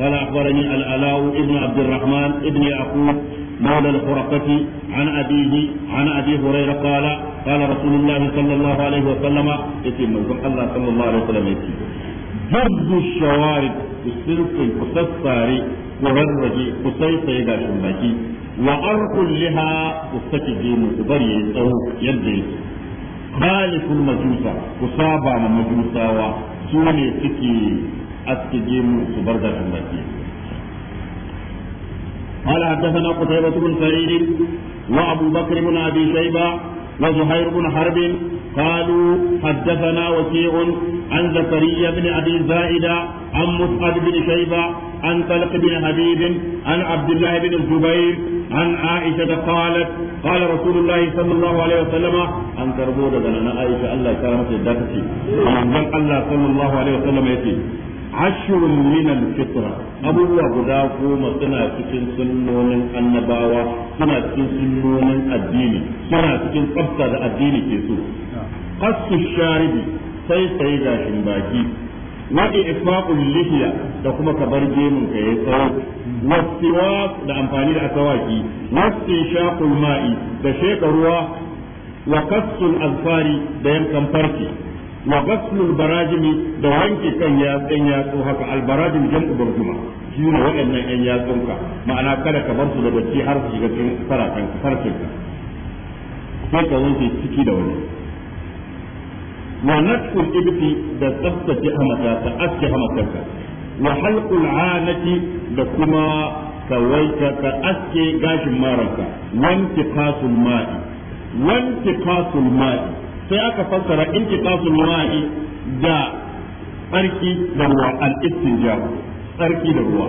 قال أخبرني الألاء ابن عبد الرحمن ابن يعقوب مولى الخرقة عن أبيه عن أبي هريرة قال قال رسول الله صلى الله عليه وسلم يتم الله صلى الله عليه وسلم يتم جرد الشوارب السلك القصصاري وررجي قصيصة إذا شمكي wa arkun liha ku saki je musu bari yayi tsawo yadda yake malikul majusa ku saba ma majusawa su ne suke aske je su bar da kan baki قال حدثنا wa, بن سعيد وأبو بكر بن أبي شيبة وزهير بن حرب قالوا حدثنا وكيع عن زكريا بن ابي زائده عن مصعب بن شيبه عن طلق بن حبيب عن عبد الله بن الزبير عن عائشه قالت قال رسول الله صلى الله عليه وسلم ان تربو دغنا عائشه الله كرمت ذاتك من الله صلى الله عليه وسلم يتي ashirin minal fitra abubuwa guda goma suna cikin sunnonin annabawa suna cikin sunnonin addini suna cikin tsafta da addini ke so qasu sharibi sai sai gashin baki wa ifaqul lihiya da kuma kabar gemun ka yayi tsawo wasiwa da amfani da asawaki wasi shaqul ma'i da sheka ruwa wa qasul azfari da yankan farki wa ghaslul barajimi da wanke kan yatsun yatsu haka al barajim jam'u barjuma shi ne waɗannan ƴan yatsunka ma'ana kada ka bar su da bacci har su shiga cikin farafin farfin ka ciki da wani wa natful ibti da tsaftace hamata aske wa da kuma ka ka aske gashin maranka wanke kasul wanke kasul sai aka fassara kasu ma'i da tsarki da ruwa al-istinja tsarki da ruwa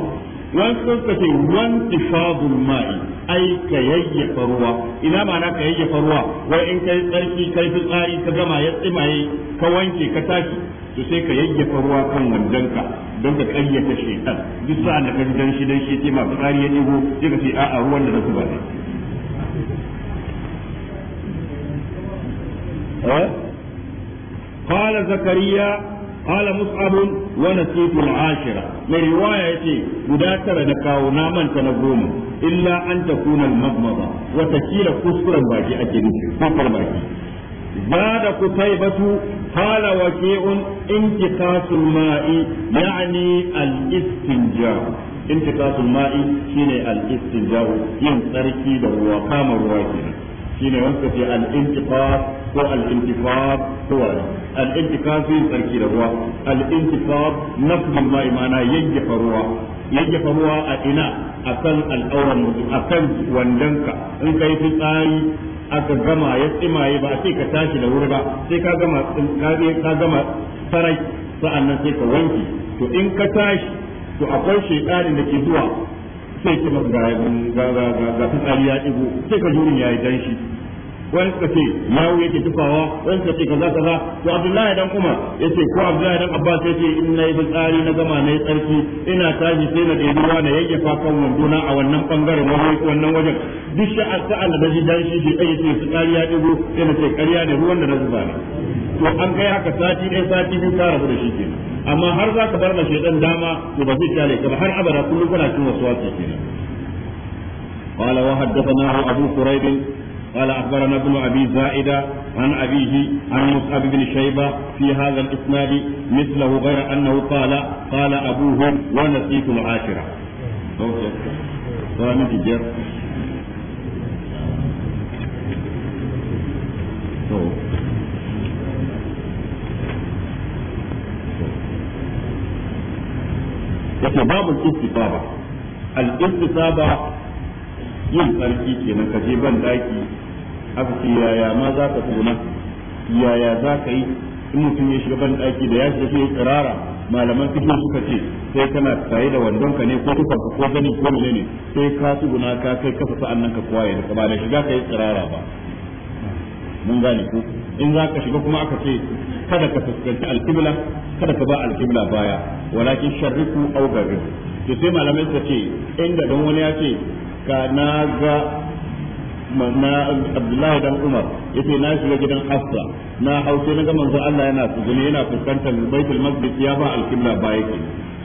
wani suka ce wanti fadul ma'i ai ka yayyafa ruwa ina mana ka yayyafa ruwa wai in kai tsarki kai fitsari ka gama ya tsimaye ka wanke ka tashi to sai ka yayyafa ruwa kan wandanka don ka karyata shaitan duk sa'an da ka shi dan shi ce ma tsari ya ɗigo sai ka ce a'a ruwan da na zuba ne قال زكريا قال مصعب ونسيت العاشرة من رواية مداترة نكاو نامن تنظوم إلا أن تكون المضمضة وتكيل كسرا باجي أجل فقر باجي زاد قتيبة قال وكيع انتقاص الماء يعني الاستنجاء انتقاص الماء شيني الاستنجاء ينصركي بالروا قام الروا shine wanda ke al-intiqas ko al-intifab ko al-intiqas fi tsarki da ruwa al-intifab nafsu ma imana yayyafa ruwa yayyafa ruwa a ina akan al-awran mutum akan wandanka in kai fitsari aka gama ya tsimaye ba a ce ka tashi da wuri ba sai ka gama ka gama sarai sa'annan sai ka wanke. to in ka tashi to akwai shekarin da ke zuwa sai ki masu ga ga ga ga fitsari ya ɗigo sai ka jurin ya yi danshi wani suka ce yawo yake tufawa wani suka ce kaza kaza to abdullahi dan umar yace ko abdullahi dan abbas yace in nayi fitsari na gama nayi tsarki ina tashi sai na ɗebi ruwa na yayyafa kan wanduna a wannan bangaren wannan wajen duk sha'ar sa'an da ji dan shi shi ai ce fitsari ya ɗigo sai na ce ƙarya da ruwan da na zuba ne to an kai haka sati ɗaya sati biyu ka rabu da shi kenan amma har za ka bar ma shaidan dama to ba zai kyale ka ba har abada kullum kana cin wasu wasu kenan قال وحدثنا أبو كريب قال أخبرنا ابن أبي زائدة عن أبيه عن مصعب بن شيبة في هذا الإسناد مثله غير أنه قال قال أبوهم ونسيت العاشرة yake babu istifaba al-istifaba yin tsarki kenan kaje ban daki aka ce yaya ma za ka tona yaya za ka yi in mutum ya shiga ban daki da ya shiga sai tsirara malaman fiqh suka ce sai kana tsaye da wandon ka ne ko tufan ka ko gani ko ne sai ka tsuguna ka kai kafa nan ka kwaye da ba da shiga kai tsirara ba mun gane ko in za ka shiga kuma aka ce kada ka fuskanci alkibla kada ka ba alkibla baya walakin sharriku au garin to sai malamai suka ce inda don wani ya ce ka na ga na Abdullahi dan Umar yace na shiga gidan Hafsa na hauce na ga manzo Allah yana tsugune yana fuskantar Baitul Maqdis ya ba al-Qibla ba yake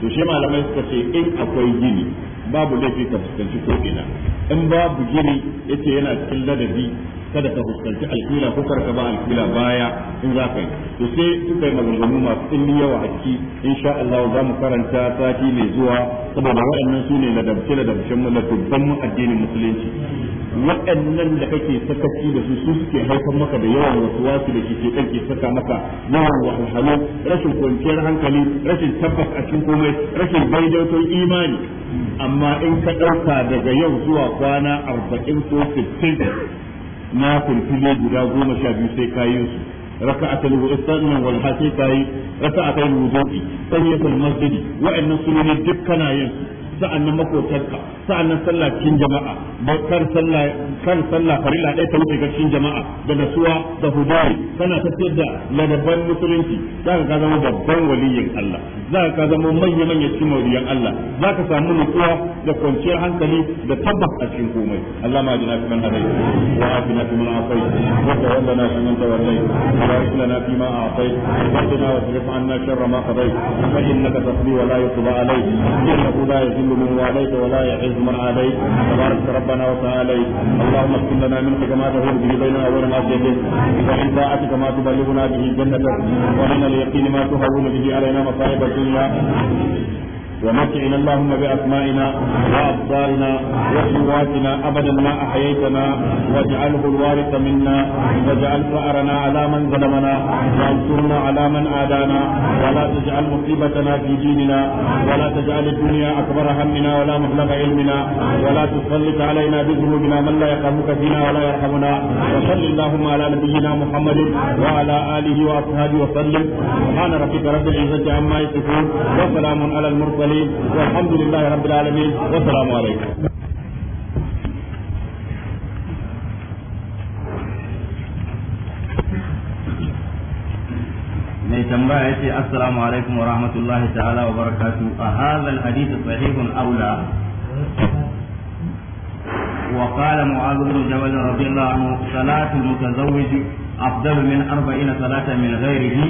to shi malamai suka ce in akwai gini babu laifi ka fuskanci ko ina in babu gini yace yana cikin ladabi kada ka fuskanci alkila ko karka ba alkila baya in za ka yi to sai suka yi maganganu masu tsilli yawa a ciki insha Allah za mu karanta sati mai zuwa saboda waɗannan su ne ladabce ladabcen mu ladabban mu addinin musulunci waɗannan da kake sakaci da su su suke haifar maka da yawan wasu wasu da ke kan ke saka maka yawan wahalhalu rashin kwanciyar hankali rashin tabbas a cikin komai rashin daidaito imani amma amma in ka ɗauka daga yau zuwa kwana arba'in ko sittin na kulfile guda goma sha biyu sai ka yi su raka'atul wustannan wal hasi kai raka'atul wudu'i tayyatul masjidi wa'annan ne duk kana yin sa'annan makotarka sa'annan sallah cikin jama'a da kar sallah kan sallah farilla ɗaya ta wuce cikin jama'a da nasuwa da hudari kana tafiyar da ladaban musulunci zaka ga zama babban waliyin Allah za ka zama manya manya cikin mauriyan Allah za ka samu nutsuwa da kwanciyar hankali da tabbas a cikin komai Allah ma jina fiman hadai wa afina fiman afai wa tawallai wa afai wa wa sharra ma wa la la wa la man wa الله ومتعنا اللهم بأسمائنا وأبصارنا وقواتنا أبدا ما أحييتنا واجعله الوارث منا واجعل فأرنا على من ظلمنا وانصرنا على من آذانا ولا تجعل مصيبتنا في ديننا ولا تجعل الدنيا أكبر همنا ولا مبلغ علمنا ولا تسلط علينا بذنوبنا من لا يرحمك فينا ولا يرحمنا وصل اللهم على نبينا محمد وعلى آله وأصحابه وسلم سبحان ربك رب العزة عما يصفون وسلام على المرسلين المرسلين والحمد لله رب العالمين والسلام عليكم mai tambaya yace assalamu alaikum wa rahmatullahi ta'ala wa barakatuh a hadha alhadith sahihun aw la wa qala mu'adh bin jabal radiyallahu anhu salatu al-mutazawwij afdalu min arba'ina salatan min ghairihi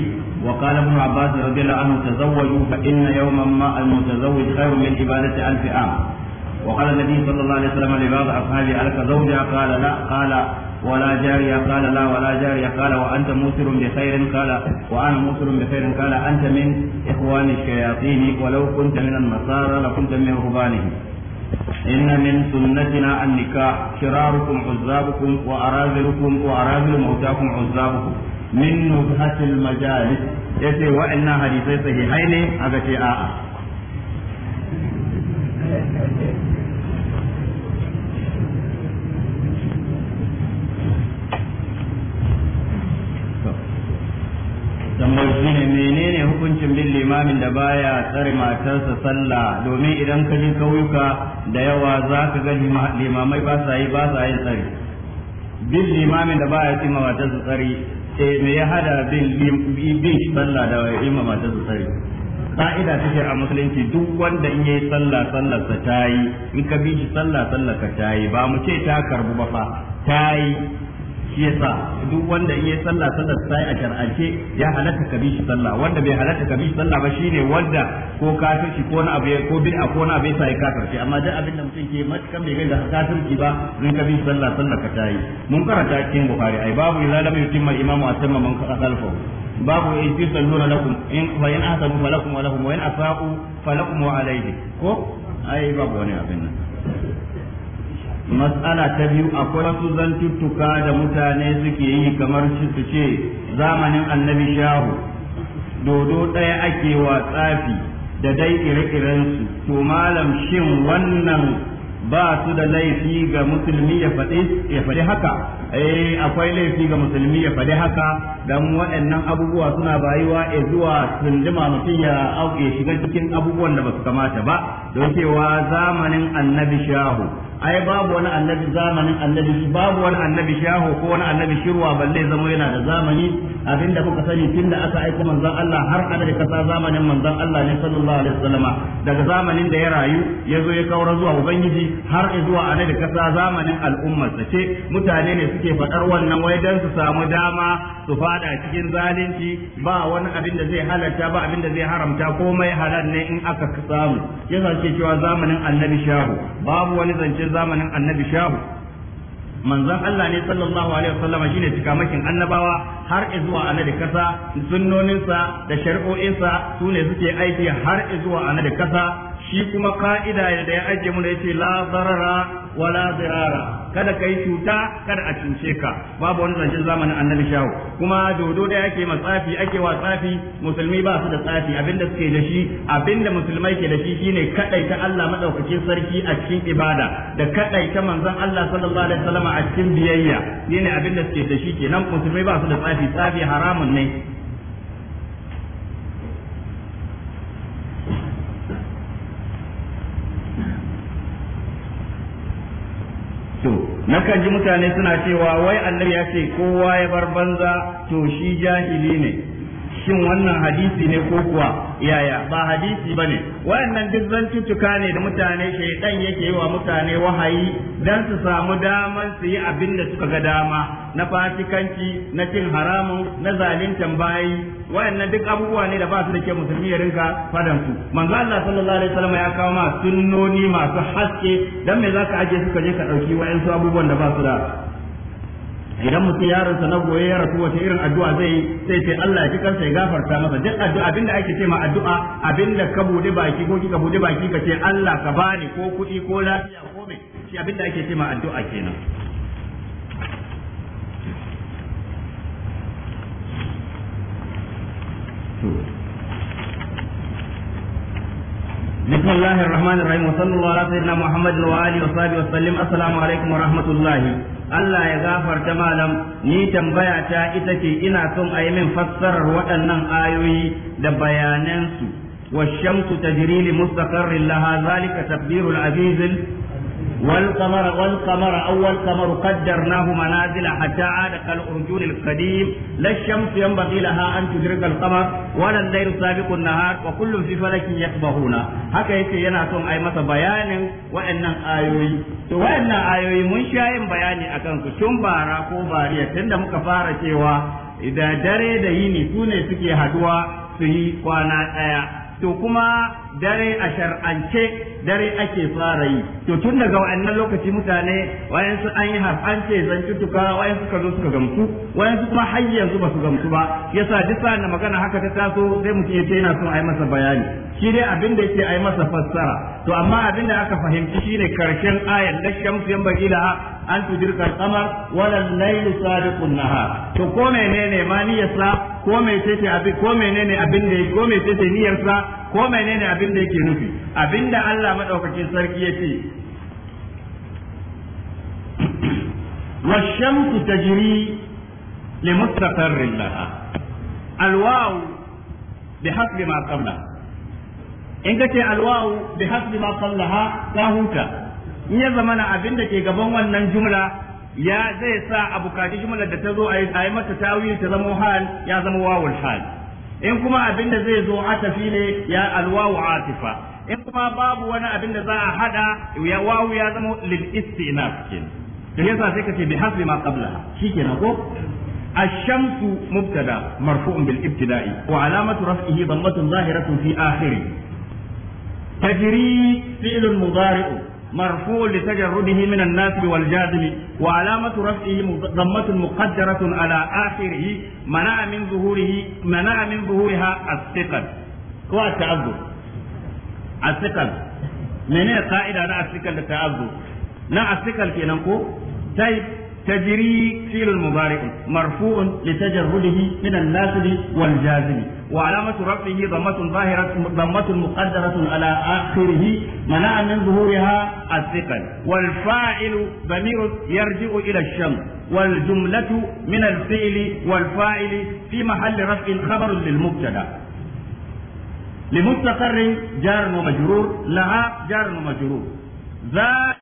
وقال ابن عباس رضي الله عنه تزوجوا فإن يوما ما المتزوج خير من عبادة ألف عام وقال النبي صلى الله عليه وسلم لبعض أصحابه ألك زوجة قال لا قال ولا جارية قال لا ولا جارية قال وأنت موسر بخير قال وأنا موسر بخير قال أنت من إخوان الشياطين ولو كنت من النصارى لكنت من رهبانهم إن من سنتنا النكاح شراركم عزابكم وأراذلكم وأراذل موتاكم عزابكم min nubhatil majalis yace wa'annan hadisai sahihai ne aga ce a'a tambayar shine menene hukuncin bin limamin da baya tsare matarsa sallah domin idan ka ji kauyuka da yawa za ka ga limamai ba sa yi ba sa yin tsari bin limamin da baya tsima matarsa tsari eh me ya hada bin bin sallah da imma ta su sai ka'ida take a musulunci duk wanda in yayi sallah sallar sa tayi in ka bi shi sallah sallar ka tayi ba mu ce ta karbu ba fa tayi yasa duk wanda in yi sallah sallar sai a shar'ance ya halatta ka bi shi sallah wanda bai halatta ka bi shi sallah ba shine wanda ko shi ko na abu ko bid'a ko na bai sai sai shi amma duk abin da mutum ke matakan bai kafir shi ba in ka shi sallah sallar ka tayi mun karanta cikin bukhari ai babu ila lam yutimma imamu atamma man khalfahu babu in sallura lakum in wa in ahsanu falakum wa lahum wa in asa'u falakum wa alayhi ko ai babu wani abin nan matsala ta biyu akwai wasu zantuttuka da mutane suke yi kamar su ce zamanin annabi shahu dodo ɗaya ake wa tsafi da dai ire-irensu to malam shin wannan ba su da laifi ga musulmi ya faɗi haka eh akwai laifi ga musulmi ya faɗi haka dan waɗannan abubuwa suna bayuwa e zuwa tunjima mutum ya auke shiga cikin abubuwan da basu kamata ba don cewa zamanin annabi shahu ai babu wani annabi zamanin annabi babu wani annabi shahu ko wani annabi shirwa balle zama yana da zamani abinda kuka sani tun da aka aiko manzon Allah har ana da kasa zamanin manzon Allah ne sallallahu alaihi wasallama daga zamanin da ya rayu ya zo ya kaura zuwa ubangiji har zuwa ana da kasa zamanin al'ummar sace mutane ne suke faɗar wannan wai dan su samu dama su fada cikin zalunci ba wani abin da zai halarta ba abin da zai haramta komai halal ne in aka samu yasa ke cewa zamanin annabi shahu babu wani zancen zamanin annabi shahu manzon Allah ne sallallahu alaihi wasallam shine cikamakin annabawa har zuwa annabi kasa sunnoninsa da shari'o'insa sune suke aiki har zuwa annabi kasa shi kuma ka'ida da ya ajiye mu ya yace la zarara wa la zirara kada kai cuta kada a cince ka babu wani zancen zamanin annabi shawo kuma dodo da yake matsafi ake wa tsafi musulmi ba su da tsafi abinda suke da shi abinda musulmai ke da shi shine kadaita Allah madaukakin sarki a cikin ibada da kadaita manzon Allah sallallahu alaihi wasallam a cikin biyayya shine abinda suke da shi kenan musulmai ba su da tsafi tsafi haramun ne to nakan ji mutane suna cewa wai annabi ya ce kowa ya bar banza to shi jahili ne shin wannan hadisi ne ko kuwa yaya ba hadisi bane wayannan duk zantuttuka ne da mutane shaydan yake yi wa mutane wahayi dan su samu daman su yi abin da suka ga dama na fasikanci na cin haramun na zalintan bayi wayannan duk abubuwa ne da ba su da ke musulmi ya rinka fadan su manzo Allah sallallahu alaihi wasallam ya kawo ma sunnoni masu haske dan me zaka aje suka je ka dauki wayansu abubuwan da ba su da idan mutum yaron sa na goye ya rasu wace irin addu'a zai yi sai ce Allah ya ji kansa ya gafarta masa duk addu'a abinda ake ce ma addu'a abinda ka bude baki ko kika bude baki ka ce Allah ka bani ko kuɗi ko lafiya ko me shi abinda ake ce ma addu'a kenan بسم الله الرحمن الرحيم وصلى الله على سيدنا محمد وآله وصحبه وسلم السلام عليكم ورحمة الله Allah ya gafarta malam ni tambaya ta ita ce ina son a yi min fassarar waɗannan ayoyi da bayanansu والشمس تجري لمستقر laha, zalika تقدير العزيز والقمر والقمر أول قمر قدرناه منازل حتى عاد كالأرجون القديم لا الشمس ينبغي لها أن تدرك القمر ولا الليل سابق النهار وكل في فلك يسبحون هكا يتي يناتون أي مسا بيان وأن آيوي وأن آيوي من شاين بياني أكن كشم بارا كوبارية تند مكفارة شوا إذا دري دهيني سوني سكي هدوا سهي وانا آيا to kuma dare a shar'ance dare ake fara yi to tun daga wannan lokaci mutane wayan su an yi har an ce zan wayan su suka zo suka gamsu wayan su kuma har yanzu ba su gamsu ba yasa duk sa'an magana haka ta taso sai mu ya ce yana son a masa bayani shi dai abin da yake ayi masa fassara to amma abin da aka fahimci shine karshen ayan da shamsu yan bagila an tudirka al kamar wala layl sadiqun nahar to ko menene ma niyyarsa ko menene abin ko menene abin da ko menene niyyarsa ko menene abin da yake nufi abinda Allah madaukakin sarki yace والشمس تجري لمستقر لها الواو بحسب ما قبلها in ka ce alwawu bi hasbi ma ha ta huta in ya zama na abin da ke gaban wannan jumla ya zai sa a bukaci jumlar da ta zo a yi mata tawil ta zama hal ya zama wawul hal in kuma abin da zai zo atafi ne ya alwawu atifa in kuma babu wani abin da za a haɗa ya wawu ya zama lil istina kin to yasa sai kace bi hasbi ma qabla shikenan ko ash-shamsu mubtada marfu'un bil ibtida'i wa alamatu raf'ihi dammatun zahiratun fi akhiri tajri fi'l mudari' مرفوع لتجرده من الناسب والجازم وعلامة رفعه ضمة مقدرة على آخره منع من ظهوره منع من ظهورها الثقل والتعذر asikal mene ka'ida na asikal da ta'azzu na asikal kenan ko tai tajri filul mubarik marfu'un li tajarrudihi min an-nasibi wal jazimi wa alamatu rafihi dhammatun zahiratun dhammatun muqaddaratun ala akhirihi mana'a min zuhuriha asikal wal fa'ilu damirun yarji'u ila ash-shams والجملة من الفعل والفاعل في محل رفع خبر للمبتدأ لمستقر جار ومجرور لها جار ومجرور